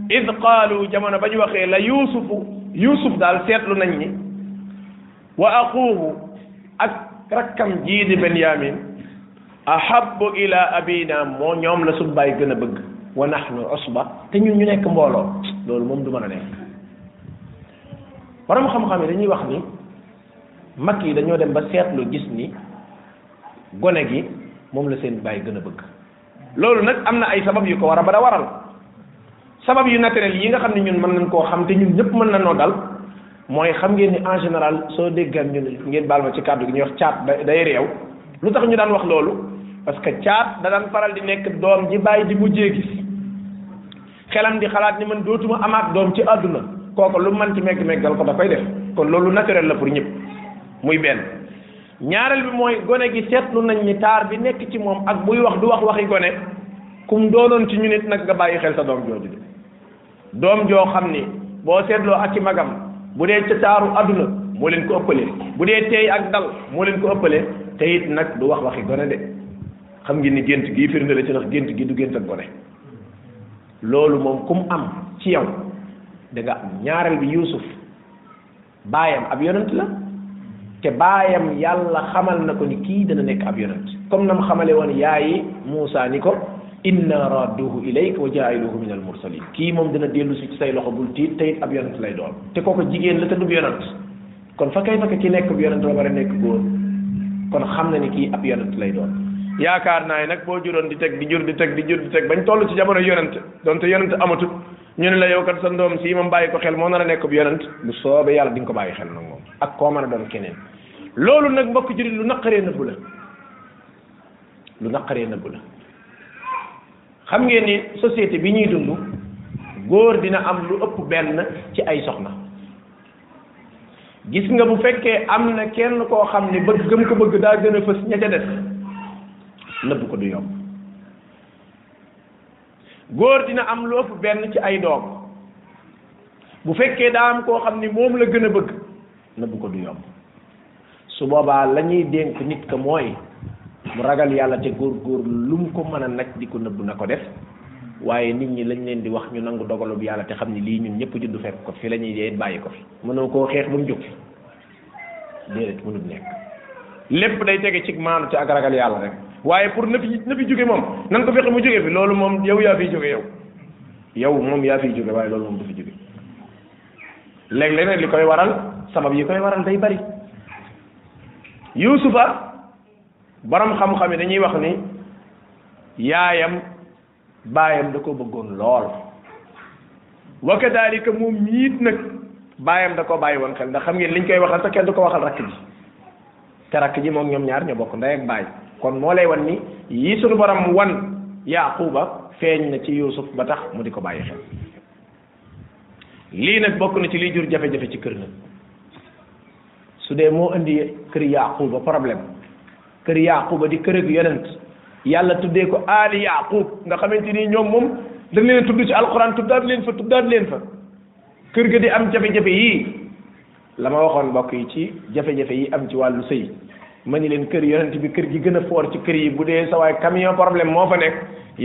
id qaalu jamono ba ñu waxee la yuusufu yuusuf daal seetlu nañ ni wa aquuhu ak rakkam jii di benyamin ila abina moo ñoom la suñu gën a bëgg wa nahnu usba te ñu ñu nekk mbooloo loolu moom du mën a nekk borom xam-xam yi dañuy wax ni mag yi dañoo dem ba seetlu gis ni gone gi moom la seen bàyyi gën a bëgg loolu nag am na ay sabab yu ko war a ba da waral sabab yu naturel yi nga xam ne ñun mën nañ koo xam te ñun ñëpp mën na noo dal mooy xam ngeen ni en général soo déggan ñu ne ngeen baal ma ci kàddu gi ñuy wax caat day réew lu tax ñu daan wax loolu parce que caat da daan faral di nekk doom ji bàyyi di mujjee gis xelam di xalaat ni man dootuma amaat doom ci àdduna kooku lu mën ci megg meggal ko da koy def kon loolu naturel la pour ñëpp muy benn ñaareel bi mooy gone gi seetlu nañ ni taar bi nekk ci moom ak buy wax du wax waxi gone kum doonoon ci ñu nit nag nga bàyyi xel sa doom jooju de doom joo xam ni boo seetloo ak ci magam bu dee ca taaru adduna moo leen ko ëppalee bu dee teey ak dal moo leen ko ëppalee te nag du wax waxi gone de xam ngeen ni gént gi firnde la ci ndax gént gi du gént ak gone loolu moom kum am ci yow da nga am ñaareel bi Yuusuf baayam ab yonent la te baayam yàlla xamal na ko ni kii dana nekk ab yonent comme nam xamale woon yaayi Muusa ni ko inna radduhu ilayk wa jaa'iluhu min al mursalin kii moom dina dellu si ci say loxo bul tiit te it ab yonent lay doon te kooku jigéen la te du yonent kon fa kay fakk ki nekk ab yonent ba pare nekk góor kon xam na ni kii ab yonent lay doon yaakaar naa ne nag boo juróon di teg di jur di teg di jur di teg bañ toll ci jamono yonent donte yonant amatut ñu ne la yow sa ndoom si moom bàyyi ko xel moo na a nekk bu yonent bu soobee yàlla di ko bàyyi xel nag moom ak koo mën a doon keneen loolu nag mbokk jullit lu naqaree nëbbu la lu naqaree nëbbu la xam ngeen ni societé bi ñuy dund góor dina am lu ëpp benn ci ay soxna gis nga bu fekkee am na kenn koo xam ne bëgg gëm ko bëgg daa gën a fës ña ca des nëbbu ko du yomb góor dina am lu ëpp benn ci ay doom bu fekkee daa am koo xam ni moom la gën a bëgg na ko du yomb su boobaa lañuy dénk nit ka mooy mu ragal yàlla te góor góor lu mu ko mën a nag di ko nëbb na ko def waaye nit ñi lañ leen di wax ñu nangu dogalub yàlla te xam ni lii ñun ñëpp juddu fekk ko fi la ñuy dee bàyyi ko fi mënoo koo xeex ba mu jóg déedéet mënut nekk lépp day tege ci maanu te ak ragal yàlla rek waaye pour na fi na jóge moom nan ko fexe mu jóge fi loolu moom yow yaa fiy jóge yow yow moom yaa fiy jóge waaye loolu moom du fi jóge léeg li koy waral sabab yi koy waral day bari yuusufa borom xam-xam yi dañuy wax ni yaayam baayam da ko bëggoon lool wa kadalika moom miit nag baayam da ko bàyyi woon xel ndax xam ngeen liñ koy waxal sax kenn du ko waxal rakk ji te rakk ji moom ñoom ñaar ñoo bokk ndey ak baay kon moo lay wan ni yi suñu borom wan yaaquba feeñ na ci yusuf ba tax mu di ko bàyyi xel lii nag bokk na ci liy jur jafe-jafe ci kër nag su dee moo indi kër yaaquba problème kër yaaquba di kër ak yonent yàlla tuddee ko aali yaqub nga xamante ni ñoom moom dañ leen tudd ci alquran tuddaat leen fa tuddaat leen fa kër ga di am jafe-jafe yii la ma waxoon mbokk yi ci jafe-jafe yi am ci wàllu sëy ma ni leen kër yonent bi kër gi gën a foor ci kër yi bu dee sa waay camion problème moo fa nekk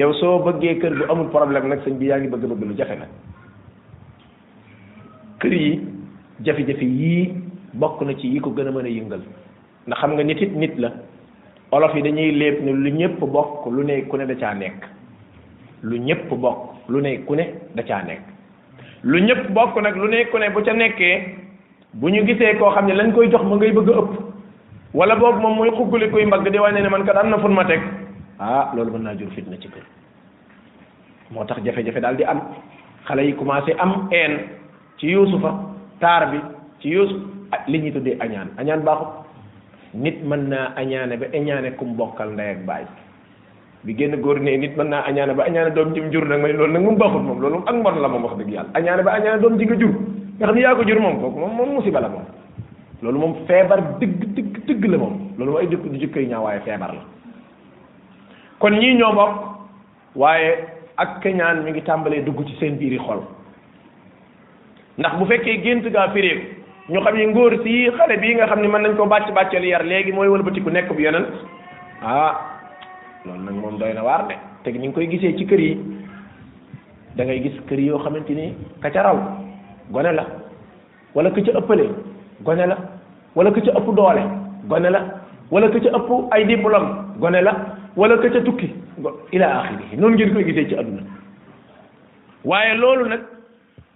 yow soo bëggee kër gu amul problème nag sëñ bi yaa ngi bëgg bëgg lu jafe nag kër yi jafe-jafe yii bokk na ci yi ko gën a mën a yëngal ndax xam nga nit it nit la olof yi dañuy léeb ne lu ñëpp bokk lu ne ku ne da caa nekk lu ñëpp bokk lu ne ku ne da caa nekk lu ñëpp bokk nag lu ne ku ne bu ca nekkee bu ñu gisee koo xam ne lañ koy jox ma ngay bëgg ëpp wala boobu moom muy xuggali kuy mbagg di wane ne man kat am na fun ma teg ah loolu mën naa jur fitna ci kër moo tax jafe-jafe daal di am xale yi commencé am een ci yuusufa taar bi ci yuusuf ah, li ñuy tuddee añaan añaan baaxut nit ba añaane kum bokkal ndey ak baay bi génn góor ne nit mën naa añaane ba añaane doom jim jur nag ma ne loolu nag moom baaxut moom loolu moom ak mbon la moom wax dëgg yàlla añaane ba añaane doom ji nga jur nga xam ne yaa ko jur moom kooku moom moom musiba loolu moom feebar dëgg dëgg dëgg la moom loolu moom ay jëkk du jëkkay ñaaw waaye feebar la kon ñii ñoo waaye ak keñaan mi ngi tàmbalee dugg ci seen biiri xol ndax bu fekkee gént gaa firéeku xam ni ngóor si xale bii nga xam ne mën nañ ko bàcc bàccali léegi mooy wëlbatiku nekk bu yonent ah loolu nag moom doy na waar de te ngi koy gisee ci kër yi dangay gis kër yoo xamante ni ka ca raw gone la wala ka ca ëppale gone la wala ka ca ëpp doole gone la wala ka ca ëpp ay diplôme gone la wala ka ca tukki ila axiri noonu ngeen koy gisee ci adduna waaye loolu nag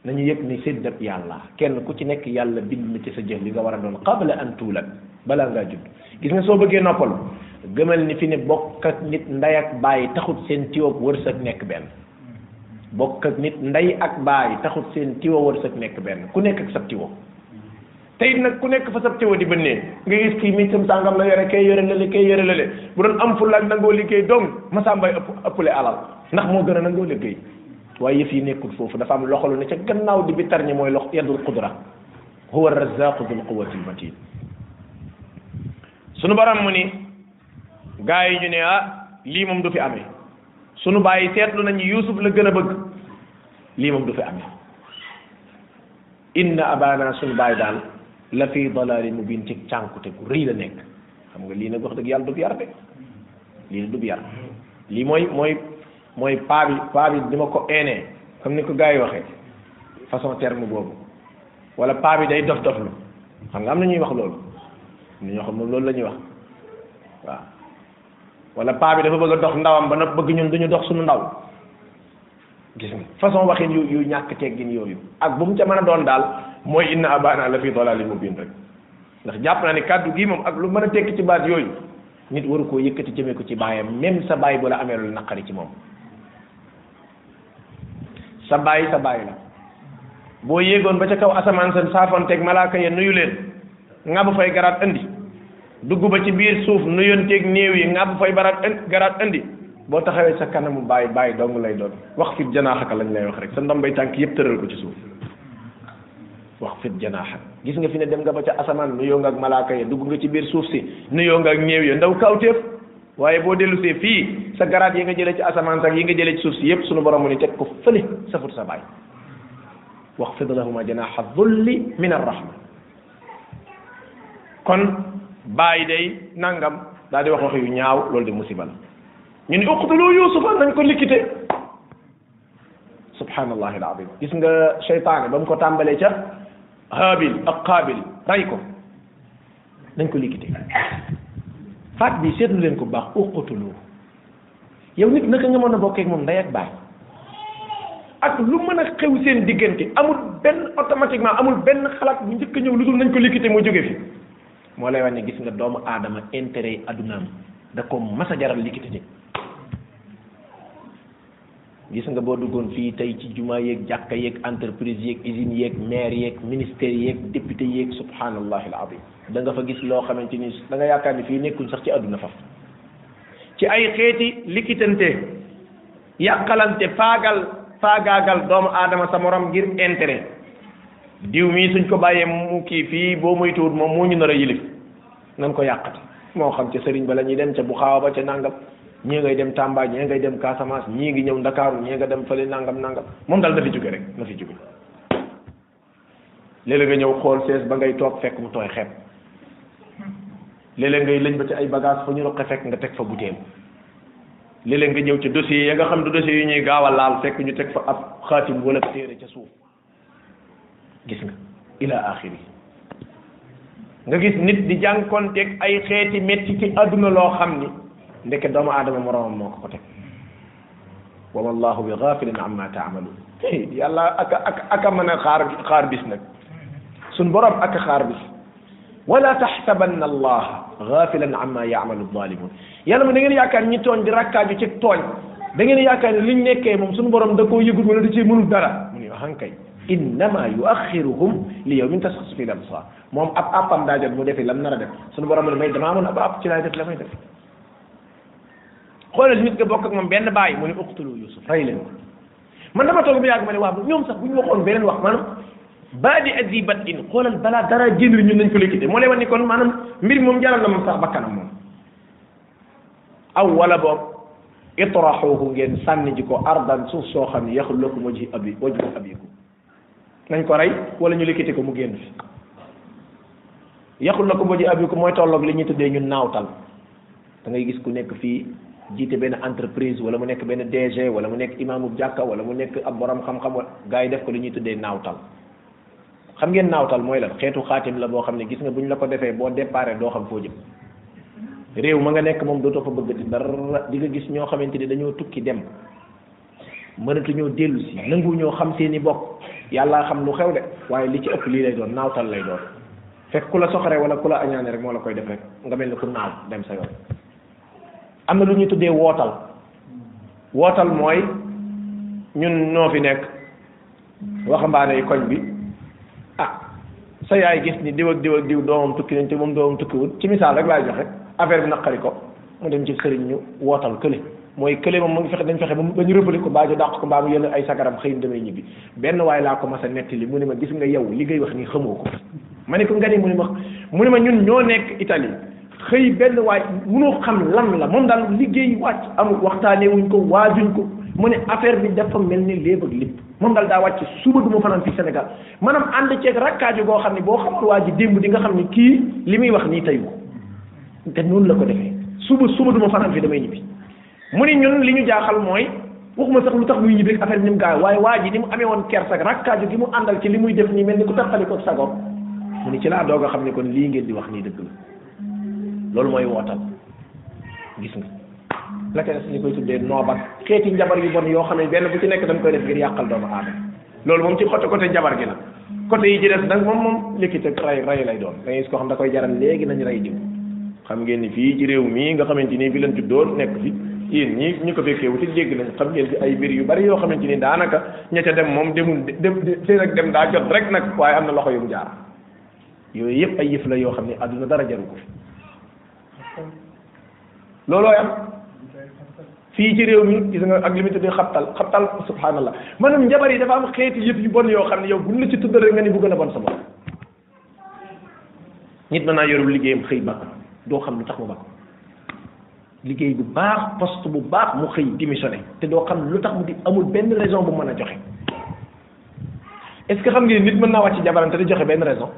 nañu yëg ni séddab yàlla kenn ku ci nekk yàlla bind na ci sa jëf li nga war a doon qabla an tuulad balaa ngaa judd gis nga soo bëggee noppalu gëmal ni fi ne bokk ak nit nday ak bàyyi taxut seen tiwoog wërsëg nekk benn bokk ak nit ndey ak bàyyi taxut seen tiwo wërsëg nekk benn ku nekk ak sa tiwo te it nag ku nekk fa sab cëwadi ba nee nga gis kii métier sàngam la yore kay yore lale kay yore lale bu doon am fulla ak nangoo liggéey dong masambay ëpp ëppale alal ndax moo gën a nangoo liggéey waaye yëf yi nekkul foofu dafa am loxo lu ne ca gannaaw di bi tarñi mooy lox yadul qudra huwa razaqu dul quwati matin sunu baram mu ni gaa yi ñu ah, lii moom du fi amee sunu bàyyi seetlu nañu yusuf la gën a bëgg lii moom du fi amee inna abana sunu bàyyi daal la fii dalaali mubin ci te ku rëy la nekk xam nga lii nag wax dëgg yàlla dub yar de lii la dub yar lii mooy mooy mooy paa bi paa bi di ma ko eenee comme ni ko gaa yi waxee façon terme boobu wala paa bi day dof dof lu xam nga am na ñuy wax loolu am na ñoo xam loolu la ñuy wax waaw wala paa bi dafa bëgg a dox ndawam ba na bëgg ñun duñu dox suñu ndaw gis nga façon waxin yu ñàkk teggin yooyu ak bu mu ca mën a doon daal mooy inna abana la fi dalalin mubin rek ndax jàpp naa ne kàddu gii moom ak lu mën a tekki ci baat yooyu nit waru koo yëkkati jëmee ko ci baayam même sa baay bu amee lu naqari ci moom sa baay sa baay la boo yéegoon ba ca kaw asamaan seen saafonteeg malaaka ya nuyu leen ngàbb fay garaat indi dugg ba ci biir suuf nuyonteeg néew yi ngàbb fay baraat indi garaat indi boo taxawee sa kanamu baay bàyyi dong lay doon wax fit janaaxaka lañ lay wax rek sa ndombay tànk yëpp tëral ko ci suuf wax fit janaaxak gis nga fi ne dem nga ba ca asamaan nuyoo nga ak malaaka ya dugg nga ci biir suuf si nuyoo nga ak néew ya ndaw kawteef waaye boo dellusee fii sa garaat yi nga jëlee ci asamaan sax yi nga jëlee ci suuf si yëpp sunu borom mu ni teg ko fële safut sa baay wax fid lahuma janaaxa dulli min arrahma kon bàyyi day nangam daal di wax yu ñaaw loolu de musiba la ñu ni uqtulu yusufa nañ ko liquité subhanallahi alazim gis nga seytaane ba mu ko tàmbalee ca haabil ak qaabil rey ko nañ ko liquité faat bi seetlu leen ko baax uqtulu yow nit naka nga mën a bokkee moom ndey ak baay ak lu mën a xew seen diggante amul benn automatiquement amul benn xalaat bu njëkk ñëw lu dul nañ ko liquité moo jóge fi moo lay wax ne gis nga doomu aadama intérêt yi addunaam da ko mas a jaral liquité gis nga boo duggoon fii tey ci jumaa yeeg jàkka yeeg entreprise yeeg usine yeeg maire yeeg ministère yeeg député yeeg subhanallahi alazim da nga fa gis loo xamante ni da nga yaakaar ni fii nekkuñ sax ci àdduna fa ci ay xeeti likitante yàqalante faagal faagaagal doomu aadama sa morom ngir intérêt diw mii suñ ko bàyyee mu kii fii boo moytuwul moom moo ñu nar a yilif nan ko yàqati moo xam ca sëriñ ba la ñuy dem ca bu xaawa ba ca nàngam ñii ngay dem Tamba ñii ngay dem Casamance ñii ngi ñëw Ndakaaru ñii nga dem fële nangam nangam moom daal na fi jóge rek na fi jóge léeg nga ñëw xool sees ba ngay toog fekk mu tooy xepp léeg-léeg ngay lëñ ci ay bagage fa ñu roqe nga teg fa butéel léeg-léeg nga ñëw ci dossier ya nga xam du dossier yu ñuy gaaw a laal fekk ñu teg fa ab xaatim wala téere ca suuf gis nga ila axiri nga gis nit di jànkonteeg ay xeeti metti ci àdduna loo xam ni ndeke doomu aadama moroomam moo ko ko teg wa wallahu bi ghafilin amma ta'malun yàlla ak ak ak mën a xaar xaar bis nag sun borom ak xaar bis wala tahsabanna allah ghafilan amma ya'malu adh-dhalimun yàlla mu da ngeen yaakaar ñi tooñ di rakkaaju ci tooñ da ngeen yaakaar ne liñ nekkee moom suñu borom da koo yëgut wala da cee mënul dara mu ne waxan kay innama yuakhiruhum li yawmin tasxasu fi al absar moom ab appam daa jot mu defi lam nar a def suñu borom ne may dama amoon ab app ci laay def la may def xoolal nit nga bokk ak moom benn bàyyi mu ne uqtulu yusuf rey leen ko man dama toog bu yàgg ma ne waaw ñoom sax bu ñu waxoon beneen wax maanaam baa di azi bat in xoolal balaa dara génn ñun nañ ko liquide moo lay wax ni kon maanaam mbir moom jaral na moom sax bakkanam moom aw wala boog itraxuhu ngeen sànni ji ko ardan suuf soo xam ne yaxul lakum wajhi abi wajhu abikum nañ ko rey wala ñu liquide ko mu génn fi yaxul lakum wajhi abikum mooy tolloog li ñuy tuddee ñun naawtal da ngay gis ku nekk fii jiite benn entreprise wala mu nekk benn DG wala mu nekk imaamu jàkka wala mu nekk ab borom xam-xam gaa yi def ko li ñuy tuddee naawtal xam ngeen naawtal mooy lan xeetu xaatim la boo xam ne gis nga bu ñu la ko defee boo déparé doo xam foo jëm réew ma nga nekk moom dootoo fa bëgg di dara di nga gis ñoo xamante ni dañoo tukki dem mënatuñoo dellu si nangu ñoo xam seeni bopp yàllaa xam lu xew de waaye li ci ëpp lii lay doon naawtal lay doon fekk ku la soxoree wala ku la añaane rek moo la koy def nga mel ni ku naaw dem sa am na lu ñuy tuddee wootal wootal mooy ñun ñoo fi nekk waxambaane yi koñ bi ah sa yaay gis ni diw ak diw ak diw doomam tukki nañ te moom doomam ci misaal rek laay joxe affaire bi naqari ko mu dem ci sëriñ ñu wootal kële mooy kële moom mu ngi fexe dañ fexe ba ñu rëbali ko baa ñu dàq ko mbaa mu yël ay sagaram xëy na damay ñibbi benn waaye laa ko mas a nettali mu ne ma gis nga yow liggéey wax ni xamoo ko ma ne ko nga ni mu ne mu ne ma ñun ñoo nekk Italie xëy benn waay munoo xam lan la moom daal liggéey wàcc amul waxtaanee wuñ ko waajuñ ko mu ne affaire bi dafa mel ni léeb ak lépp moom daal daa wàcc suba du ma fanaan fii Sénégal ànd ceeg rakkaaju goo ne boo xamul waa ji démb di nga xam ne kii li muy wax nii tayu ko te noonu la ko defee suba suba du ma fanaan fii damay ñibbi mu ne ñun li ñu jaaxal mooy waxuma sax lu tax muy ñibbi affaire bi ni mu gaaw waaye waa ji ni mu amee woon kersak rakkaaju gi mu àndal ci li muy def nii mel ni ku taxali ko sagor mu ne ci laa doog a xam ne kon lii ngeen di wax nii dëgg la loolu mooy wootal gis nga la ca ñu koy tuddee noobat xeeti njabar yi bon yoo xam ne benn bu ci nekk dañ koy def ngir yàqal doomu aadama loolu moom ci côté côté njabar gi la côté yi ci des nag moom moom likkite ray ray lay doon da ngay xam da koy jaral léegi nañ ray diw xam ngeen ni fii ci réew mii nga xamante nii fi leen tuddoon nekk fi yéen ñi ñu ko fekkee wuti dégg nañ xam ngeen ci ay mbir yu bari yoo xamante ni daanaka ña dem moom demul dem seen dem daa jot rek nag waaye am na loxo yu mu jaar yooyu yëpp ay yëf la yoo xam ne àdduna dara jaru ko fi looloo am fii ci réew mi gis nga ak li muy tuddee xabtal xabtal subhanallah maanaam njabar yi dafa am xeeti yëf yu bon yoo xam ne yow buñ la ci tuddal rek nga ni bu gën a bon sa bopp nit mën naa yorul liggéeyam xëy ba doo xam lu tax mu ba liggéey bu baax poste bu baax mu xëy démissionné te doo xam lu tax mu di amul benn raison bu mën a joxe est ce que xam ngeen nit mën naa wàcc jabaram te di joxe benn raison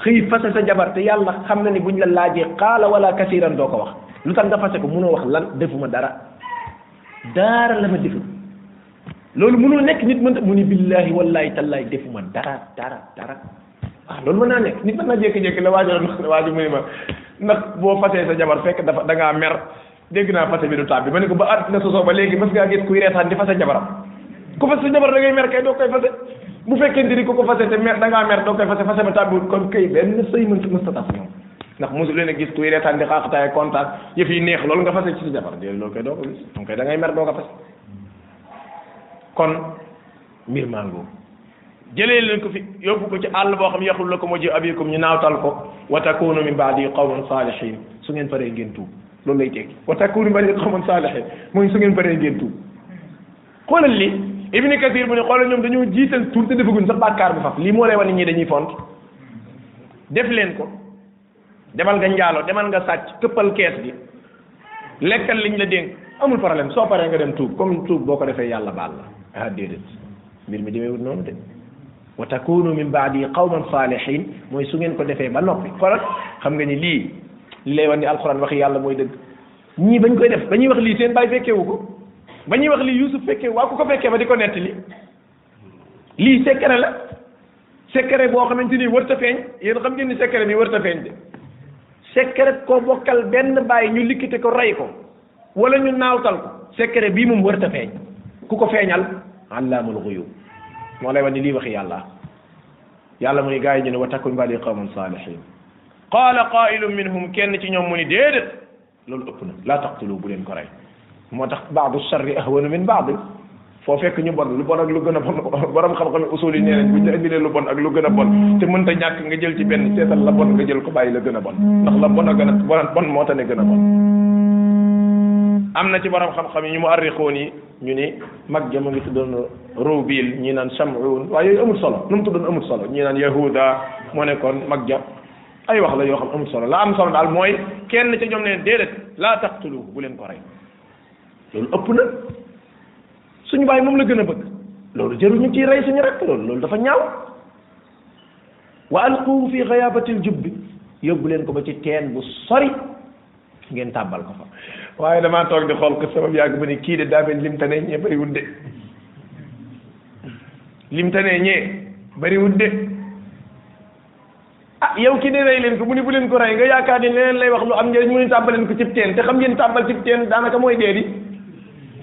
xëy fase sa jabar te yàlla xam na ni buñ la laajee xaala wala kasiran doo ko wax lu tax nga fase ko mënoo wax lan defuma dara daara la ma deful loolu mënoo nekk nit mën mu ni billahi wallahi tallahi defuma dara dara dara waaw ah, loolu mën naa nekk nit mën naa jékki-jékki la waajo a waajo mu ni ma ndax boo fasee sa jabar fekk dafa da mer dégg naa fase bi du tàbbi ma ne ko ba àddina sosoo ba léegi mas ngaa gis kuy reetaan di fase jabaram ku fase sa jabar da ngay mer kay doo koy fase bu fekkente ni ku ko fase te mer da ngaa mer doo mën si mës ta ndax mosu leen a gis kuy reetaan di xaaxataay kontaan yëf yi neex loolu nga fase ci sa jabar doo ko da ngay mer doo ko fase kon mbir mango jëlee leen ko fi yóbbu ko ci àll boo xam yaxul la ko moo ji abikum ñu naawtal ko wa takunu min baadi qawman saalihin su ngeen paree ngeen tuub loolu lay tekki wa takunu min baadi qawman saalihin mooy su ngeen paree ngeen tuub la li ibni kasir bu ne xoolal ñoom dañoo jiital tuub te defaguñ sax bàkkaar bi faf lii moo lay wan nit ñi dañuy font def leen ko demal nga njaalo demal nga sàcc këppal kees gi lekkal liñ la dénk amul problème soo paree nga dem tuub comme tuub boo ko defee yàlla baal la ah déedéet mbir mi demee wut noonu de wa takunu min baadi qawman salihin mooy su ngeen ko defee ba noppi xoolal xam nga ni lii li lay wax ni alxuraan waxi yàlla mooy dëgg ñii bañ koy def ba ñuy wax lii seen baay fekkewu ko ba ñuy wax lii Yuusuf fekkee waa ku ko fekkee ba di ko nettali lii secret la secret boo xamante ni wërta feeñ yéen xam ngeen ni secret bi wërta feeñ de secret ko bokkal benn bàyyi ñu likkite ko rey ko wala ñu naawtal ko secret bii moom wërta feeñ ku ko feeñal allaamul xuyub moo lay wane lii waxi yàlla yàlla mu ni gars yi ñu ne wa takun bali qawman salihin qala qailum minhum kenn ci ñoom mu ni déedéet loolu ëpp na laa taqtulu bu leen ko rey moo tax baadu sharri ahwanu min baadi foo fekk ñu bon lu bon ak lu gën a bon borom xam-xam yi usul yi nee nañ bu ñu a bon te mënta ñàkk nga jël ci benn seetal la bon nga jël ko bàyyi la gën a bon ndax la bon a gën a bon bon moo tax ne a bon am na ci borom xam-xam yi ñu mu arrixoon yi ñu ni mag ja mu ngi tuddoon Rubil ñi naan Sam'un waaye yooyu amul solo nu mu doon amul solo ñi naan Yahuda moo nekkoon mag ja ay wax la yoo xam amul solo la am solo daal mooy kenn ca ñoom ne déedéet laa taqtuluhu bu leen ko rey loolu ëpp na suñu baay moom la gën a bëgg loolu jëru ñu rey suñu rakk loolu loolu dafa ñaaw wa alquuhu fi xayaabatil jubbi yóbbu leen ko ba ci teen bu sori ngeen tàbbal ko fa waaye damaa toog di xool ko sabab yàgg ba kii de daa mel lim tane ñee bëriwul de lim tane ñee bëriwul de ah yow kii de rey leen ko mu ni bu leen ko rey nga yaakaar ni leneen lay wax lu am njëriñ mu ni tàbbaleen ko ci teen te xam ngeen tàbbal cib teen daanaka mooy dee di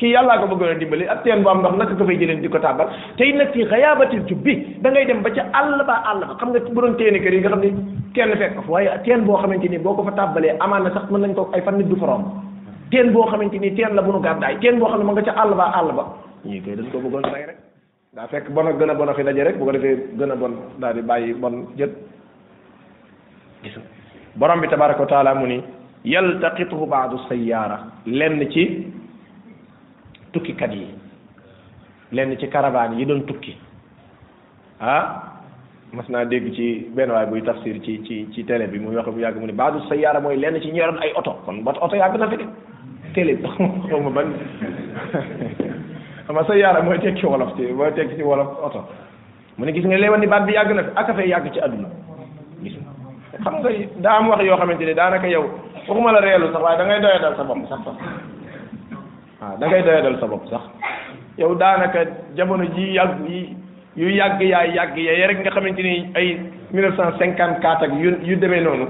kii yàllaa ko bëggoon a dimbali ak teen bu am ndox naka ko fay jëleen di ko tàbbal te nag fii xayaabatil jub bi dem ba ca àll ba àll ba xam nga bu doon teeni kër yi nga xam ne kenn fekk ko fa waaye teen boo xamante ni boo ko fa tàbbalee amaan na sax mën nañ toog ay fan nit du faroom teen boo xamante ni teen la bu nu gàddaay teen boo xam ne ma nga ca àll ba àll ba ñii koy dañ ko bëggoon rey rek daa fekk bon a gën a bon a fi daje rek bu ko defee gën a bon daal di bàyyi bon jët gis borom bi tabaraka wa taala mu ni yaltaqituhu baadu sayyaara lenn tukkikat yi lenn ci caravane yi doon tukki ah mas naa dégg ci benn waay buy tafsir ci ci ci télé bi muy wax bu yàgg mu ne baadu sayyaara mooy lenn ci ñoroon ay oto kon ba oto yàgg na fi de télé bi xaw ma ban xam nga mooy tekki wolof ci mooy tekki ci wolof oto mu ne gis nga léewan ni baat bi yàgg na fi ak fee yàgg ci àdduna gis nga xam nga daa am wax yoo xamante ne daanaka yow waxuma la reelu sax waaye da ngay doya dal sa bopp sa sax waaw da ngay doyadal sa bopp sax yow daanaka jamono ji yàgg yi yu yàgg yaay yàgg yaay rek nga xamante ni ay mille neuf cent cinquante quatre ak yu yu demee noonu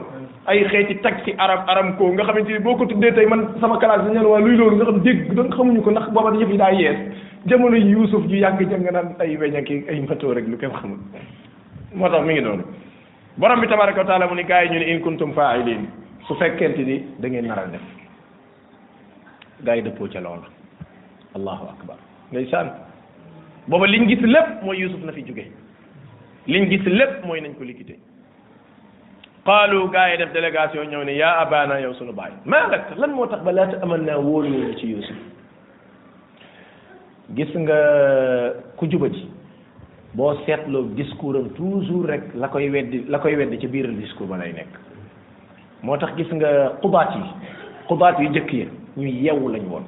ay xeeti taxi arab aram ko nga xamante ni boo ko tuddee tey man sama classe dañu ñan waa luy loolu nga xam dégg doon xamuñu ko ndax booba yëf yi daa yees jamono yi Yuusuf ju yàgg jàng naan ay weñ ak ay mbatóo rek lu kenn xamul moo tax mi ngi noonu borom bi tabaraka wa taala mu ni gars yi ñu ne in kuntum faailin su fekkente ni da ngeen def gaa yi dëppoo ca loola allahu akbar ndeysaan booba liñ gis lépp mooy yusuf na fi jóge liñ gis lépp mooy nañ ko liquidé qaalu gaa yi def délégation ñëw ne yaa abana yow sunu baay maa lak lan moo tax ba laata aman naa wóolu ñu ci yusuf gis nga ku jubati boo seetloo discours am toujours rek la koy weddi la koy weddi ci biiral discours ba lay nekk moo tax gis nga xubaat yi xubaat yu jëkk yi ñu yeewu lañ woon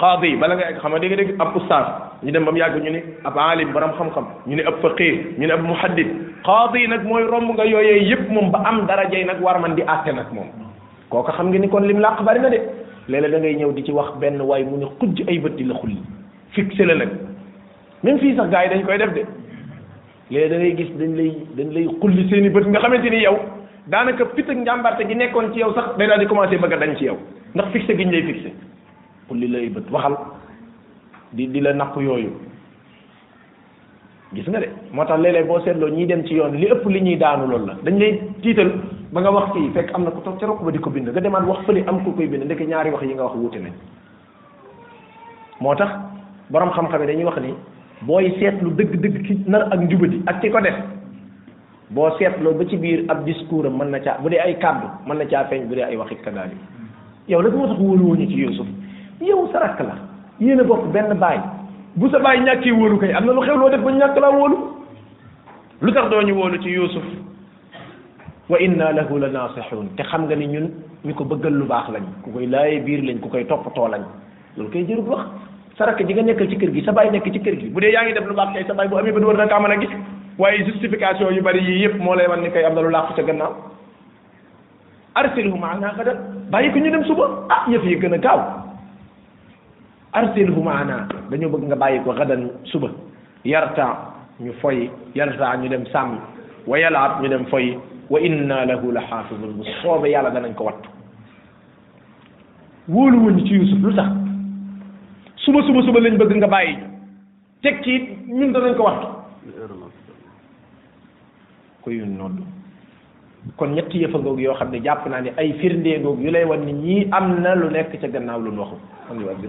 qaadi bala nga xam nga dégg dégg ab ustaas ñu dem ba mu yàgg ñu ne ab alim borom xam-xam ñu ne ab faqir ñu ne ab muhaddis qaadi nag mooy romb nga yooyee yëpp moom ba am darajey nag war man di àtte nag moom kooka xam nga ni kon lim làq bari na de léeg-léeg da ngay ñëw di ci wax benn waay mu ne xujj ay bët di la xulli fixé la nag même fii sax gars yi dañ koy def de léeg da gis dañ lay dañ lay xulli seeni i bët nga xamante ni yow daanaka fit ak njàmbarte gi nekkoon ci yow sax day daal di commencé bëgg a dañ ci yow ndax fixé gi ñu lay fixé pour li lay bët waxal di di la napp yooyu gis nga de moo tax léeg boo seetloo ñiy dem ci yoon li ëpp li ñuy daanu lool la dañ lay tiital ba nga wax fii fekk am na ko toog ca rokk ba di ko bind nga demaat wax fële am ko koy bind ndeke ñaari wax yi nga wax wuute nañ moo tax boroom xam-xam yi dañuy wax ni booy seetlu dëgg-dëgg ki nar ak njubadi ak ki ko def boo seetloo ba ci biir ab discours am mën na caa bu dee ay kàddu man na caa feeñ bu dee ay ka kadaali yow la moo tax wóolu wóñu ci Yuusuf yow sa rakk la yéen a bokk benn baay bu sa baay ñàkkee wóolu kay am na lu xew loo def ba ñàkk laa wóolu lu tax doo ñu wóolu ci Yuusuf wa inna lahu la naasixuun te xam nga ni ñun ñu ko bëgga lu baax lañ ku koy laaye biir lañ ku koy toppatoo lañ loolu koy jërut wax sa rakk ji nga nekkal ci kër gi sa baay ci kër gi bu dee yaa ngi def lu baax tey sa na waaye justification yu bari yii yëpp moo lay wan ni kay am na lu làqu ca gannaaw arsilhum maana xadar bàyyi ñu dem suba ah yi gën a gaaw arsilhum dañoo bëgg nga bàyyi ko xadan suba yarta ñu foy yarta ñu dem sàmm wa yalaab ñu dem foy wa inna lahu la yàlla danañ ko wattu wóolu wuñ ci Yuusuf lu tax suba suba suba bëgg nga bàyyi ñu teg ci ñun danañ ko wattu kuy nodd kon ñett yëfa ngoog yoo xam ne jàpp naa ne ay firndee yu lay wan nit ñi am na lu nekk ca gannaaw lu nu waxu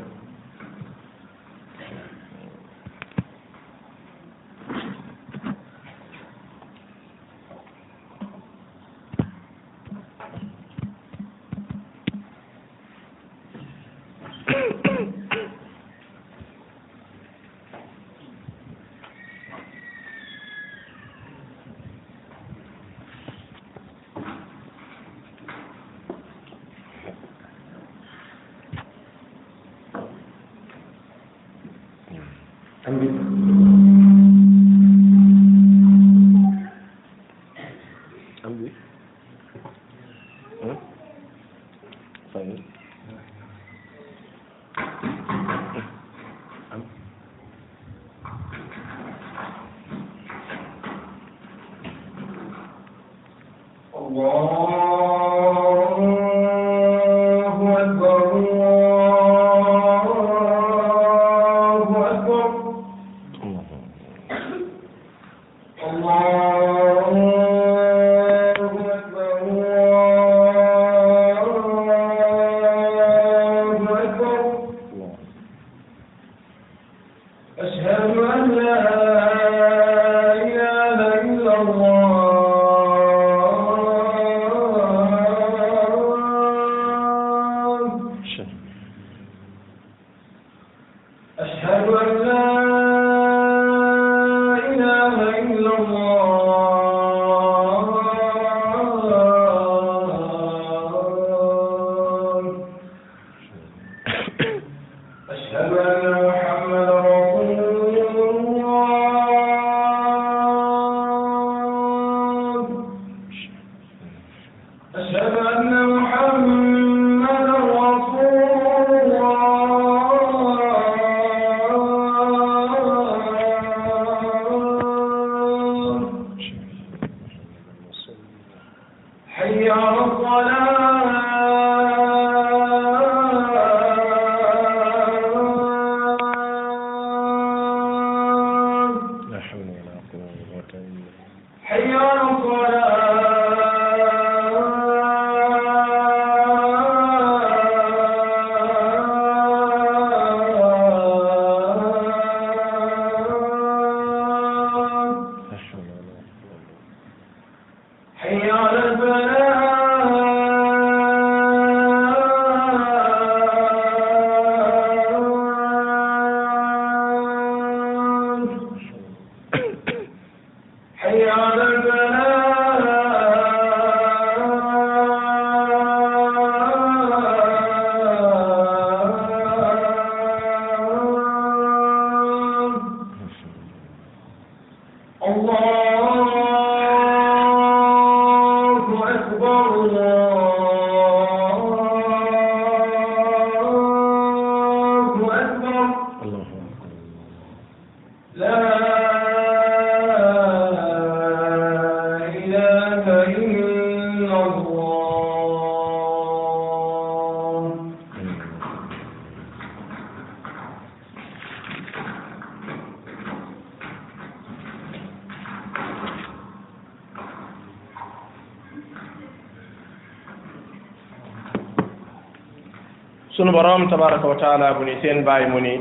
sunu borom tabaraka wa taala mu ni seen baay mu ni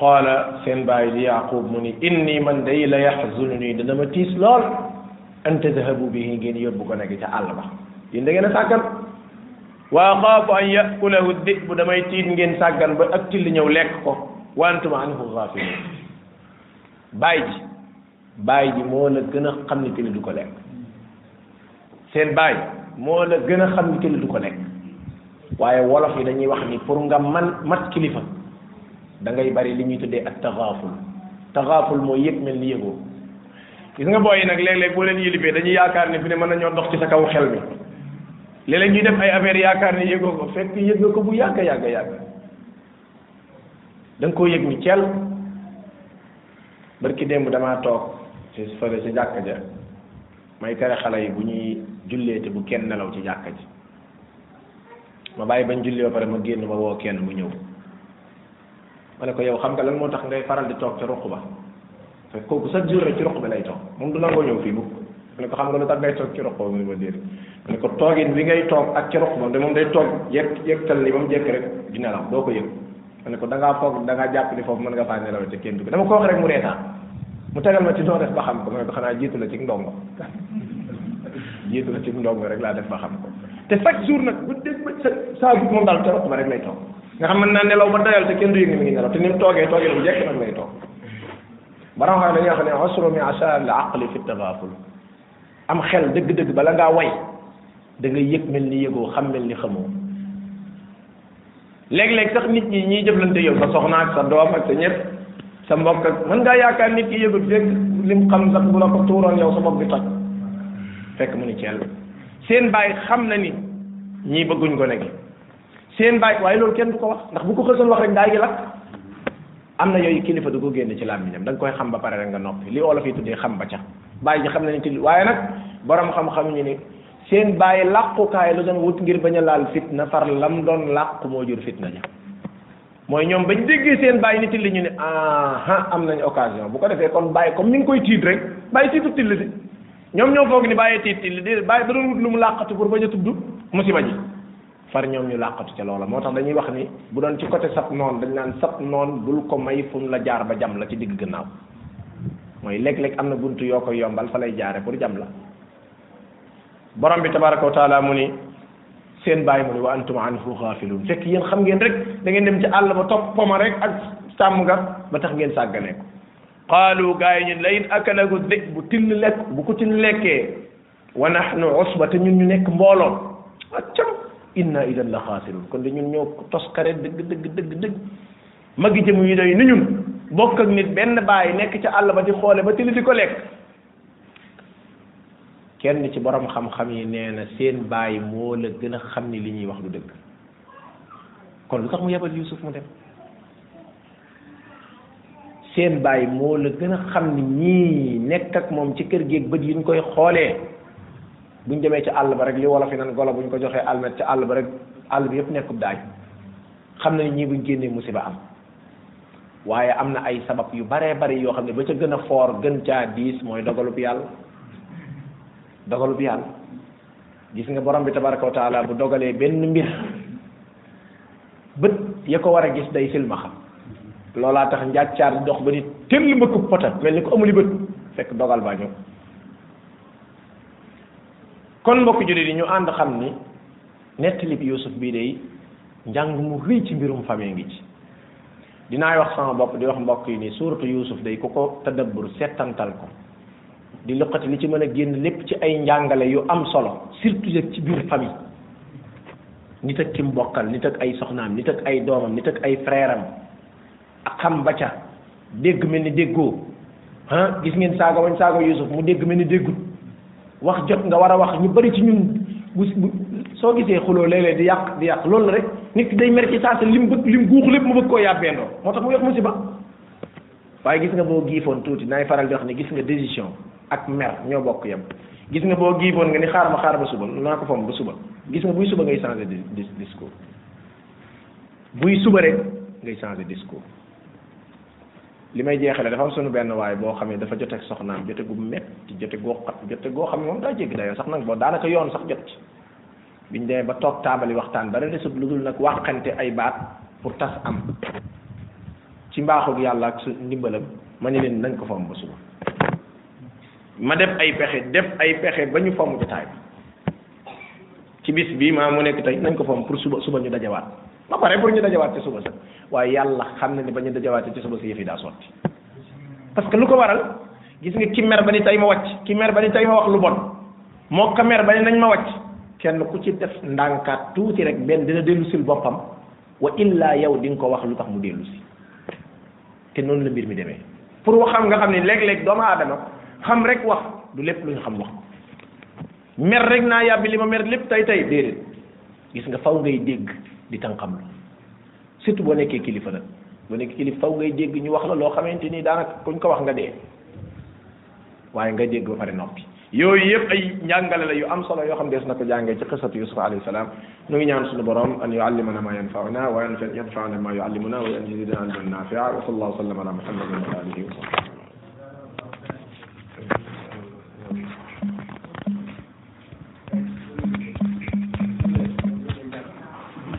qaala seen baay di yaqub mu ni inni man day la yaxzunu nii dana ma tiis lool ant an tadhabu bihi ngeen yóbbu ko nag ca àll ba yéen da ngeen wa axaafu an yakulahu dibu damay tiit ngeen sàggan ba ak tilli ñëw lekk ko wa antum anhu gafilun baay ji baay ji moo la gën a xam ni tili du ko lekk seen gën a xam ni du ko lekk waaye wolof yi dañuy wax ni pour nga man mat kilifa dangay bari li ñuy tuddee ak taxaaful taxaaful mooy yëg mel ni yëgoo gis nga booy yi nag léeg-léeg boo leen yilifee dañuy yaakaar ni fi ne mën nañoo dox ci sa kaw xel mi léeg-léeg ñuy def ay affaires yaakaar ni yëgoo ko fekk yëgoo ko bu yàgg yàgg yàgg da nga koo yëg ni ceel barki démb damaa toog ci fële ci jàkka ja may tere xale yi bu ñuy jullee te bu kenn nelaw ci jàkka ji ma bàyyi bañ julli ba pare ma génn ma woo kenn mu ñëw ma ne ko yow xam nga lan moo tax ngay faral di toog ca ruq ba te kooku chaque jour rek ci ruq bi lay toog moom du nangoo ñëw fii mukk ma ne ko xam nga lu tax ngay toog ci ruq ba mu ne ma déedéet ma ne ko toogin bi ngay toog ak ci ruq ba de moom day toog yëg yëgtal ni ba mu jekk rek di nelaw doo ko yëg ma ne ko da ngaa foog da ngaa jàpp ni foofu mën nga faa nelaw te kenn du ko dama ko wax rek mu reetaan mu tegal ma ci doo def ba xam ko ma ne ko xanaa jiitu la ci ndongo jiitu la ci ndongo rek laa def ba xam ko te chaque jour nag bu dégg ba sa saa bu moom daal terot ba rek lay toog nga xam ne naa nelaw ba dayal te kenn du yëg ne mi ngi nelaw te ni mu toogee toogee lu jekk nag lay toog bana xam ne dañuy wax fi tagaful am xel dëgg-dëgg bala ngaa way da nga yëg mel ni yëgoo xam mel ni xamoo léeg-léeg sax nit ñi ñiy jëflante yow sa soxna ak sa doom ak sa ñëpp sa mbokk ak ngaa yaakaar nit ki yëgul fekk lim xam sax bu la ko tuuroon yow sa bopp bi toj fekk mu ni ceel seen baay xam na ni ñii bëgguñ gone gi seen baay waaye loolu kenn du ko wax ndax bu ko xësoon wax rek daa gi lakk am na yooyu kilifa du ko génne ci làmmiñam da nga koy xam ba pare rek nga noppi li olof yi tuddee xam ba ca baay ji xam na ni ci waaye nag borom xam-xam ñu ni seen baay làqukaay la doon wut ngir bañ a laal fitna far lam doon làqu moo jur fitna ja mooy ñoom bañ déggee seen bàyyi ni tilli ñu ne aha am nañu occasion bu ko defee kon bàyyi comme mi ngi koy tiit rek bàyyi tiitu tilli si ñoom ñoo foog ni bàyyee tiit tiit déedéet bàyyi da doon wut lu mu làqatu pour bañ a tudd musiba ji far ñoom ñu làqatu ca loola moo tax dañuy wax ni bu doon ci côté sab noon dañ naan sab noon bul ko may fu la jaar ba jam la ci digg gannaaw mooy léeg-léeg am na bunt yoo koy yombal fa lay jaare pour jam la borom bi tabaraka wa taala mu ni seen bàyyi mu ni wa antum anhu xaafiluun fekk yéen xam ngeen rek dangeen ngeen dem ci àll ba topp ma rek ak sàmm nga ba tax ngeen sàgganee ko qaalu gaa yi ñun la in akalahu bu till lekk bu ko till lekkee wa nahnu usba te ñun ñu nekk mbooloo accam inna idan la xaasirun kon de ñun ñoo toskare dëgg dëgg dëgg dëgg magi jëm yi day ni ñun bokk ak nit benn baay nekk ca àll ba di xoole ba till di ko lekk kenn ci boroom xam-xam yi nee na seen baay moo la gën a xam ni li ñuy wax du dëgg kon lu tax mu yebal Yuusuf mu dem seen baay moo la gën a xam ni ñii nekk ak moom ci kër géeg bët yi ñu koy xoolee buñ demee ci àll ba rek li wolof yi nan golo buñ ko joxee almet ci àll ba rek àll bi yëpp nekkub daaj xam na ñii buñ génnee musiba am waaye am na ay sabab yu baree bari yoo xam ne ba ca gën a foor gën caa diis mooy dogalub yàlla dogalub yàlla gis nga borom bi tabaraka wa bu dogalee benn mbir bët ya ko war a gis day silmaxa loolaa tax njàccaar dox ba ni tëll mbëkk pota mel ni ko amuli bët fekk dogal baa kon mbokk jullit yi ñu ànd xam ni nettali bi Yuusuf njàng mu rëy ci mbirum famille ngi ci dinaay wax sama bopp di wax mbokk yi nii suuratu Yuusuf day ku ko tadabbur settantal ko di luqati li ci mën a génn lépp ci ay njàngale yu am solo surtout yëg ci biir famille nit ak ki mu bokkal nit ak ay soxnaam nit ak ay doomam nit ak ay frèram ak xam ba ca dégg mel ni déggoo ah gis ngeen saaga wañ saaga Yuusuf mu dégg mel ni déggut wax jot nga war a wax ñu bari ci ñun bu soo gisee xuloo léeg di yàq di yàq loolu la rek nit ki day mer ci saa si lim bëgg lim guux lépp mu bëgg koo yàbbeendoo moo tax mu yox ba waaye gis nga boo giifoon tuuti naay faral di wax ne gis nga décision ak mer ñoo bokk yam gis nga boo giifoon nga ni xaar ma xaar ba suba naa ko fam ba suba gis nga buy suba ngay changer discours buy suba rek ngay changer discours li may jeexale dafa am sunu benn waaye boo xam ne dafa joteeg soxnaam jote gu metti jote goo xat jote goo xam ne moom daa jéggi dayoo sax nag boo daanaka yoon sax jot ci biñ demee ba toog taabali waxtaan dara desut lu nag waxante ay baat pour tas am ci mbaaxug yàlla ak su ndimbalam ma ne leen nañ ko fomm ba suba ay pexe def ay pexe ba ñu fomm jotaay bii maa mu nekk tey nañ ko fomm pour suba suba ñu dajawaat ba pare pour ñu dajawaat ci suba sa waaye yàlla xam na ne ba ñu dajawaatee ci suba sa yëf yi daa sotti parce que lu ko waral gis nga ki mer ba ni tey ma wàcc ki mer ba ni tey ma wax lu bon moo ko mer ba ni nañ ma wàcc kenn ku ci def ndànkaat tuuti rek benn dina dellu sil boppam wa illaa yow di nga ko wax lu tax mu dellu te noonu la mbir mi demee pour xam nga xam ne léeg-léeg doomu aadama xam rek wax du lépp lu ñu xam wax mer rek naa yàbbi li ma mer lépp tey tey gis nga faw ngay dégg di tànqam lu surtout boo nekkee kilifa nag boo nekkee kilifa faw ngay dégg ñu wax la loo xamante ni daanaka kuñ ko wax nga dee waaye nga dégg ba pare noppi yooyu yëpp ay njàngale la yu am solo yoo xam dees na ko jàngee ci xisatu yusuf alayhi salaam nu ngi ñaan suñu borom an yuallimana ma yanfauna wa an yadfaana ma yuallimuna wa an yazidana ilman nafia wa sallallahu sallam ala muhammadin wa alihi wa sahbihi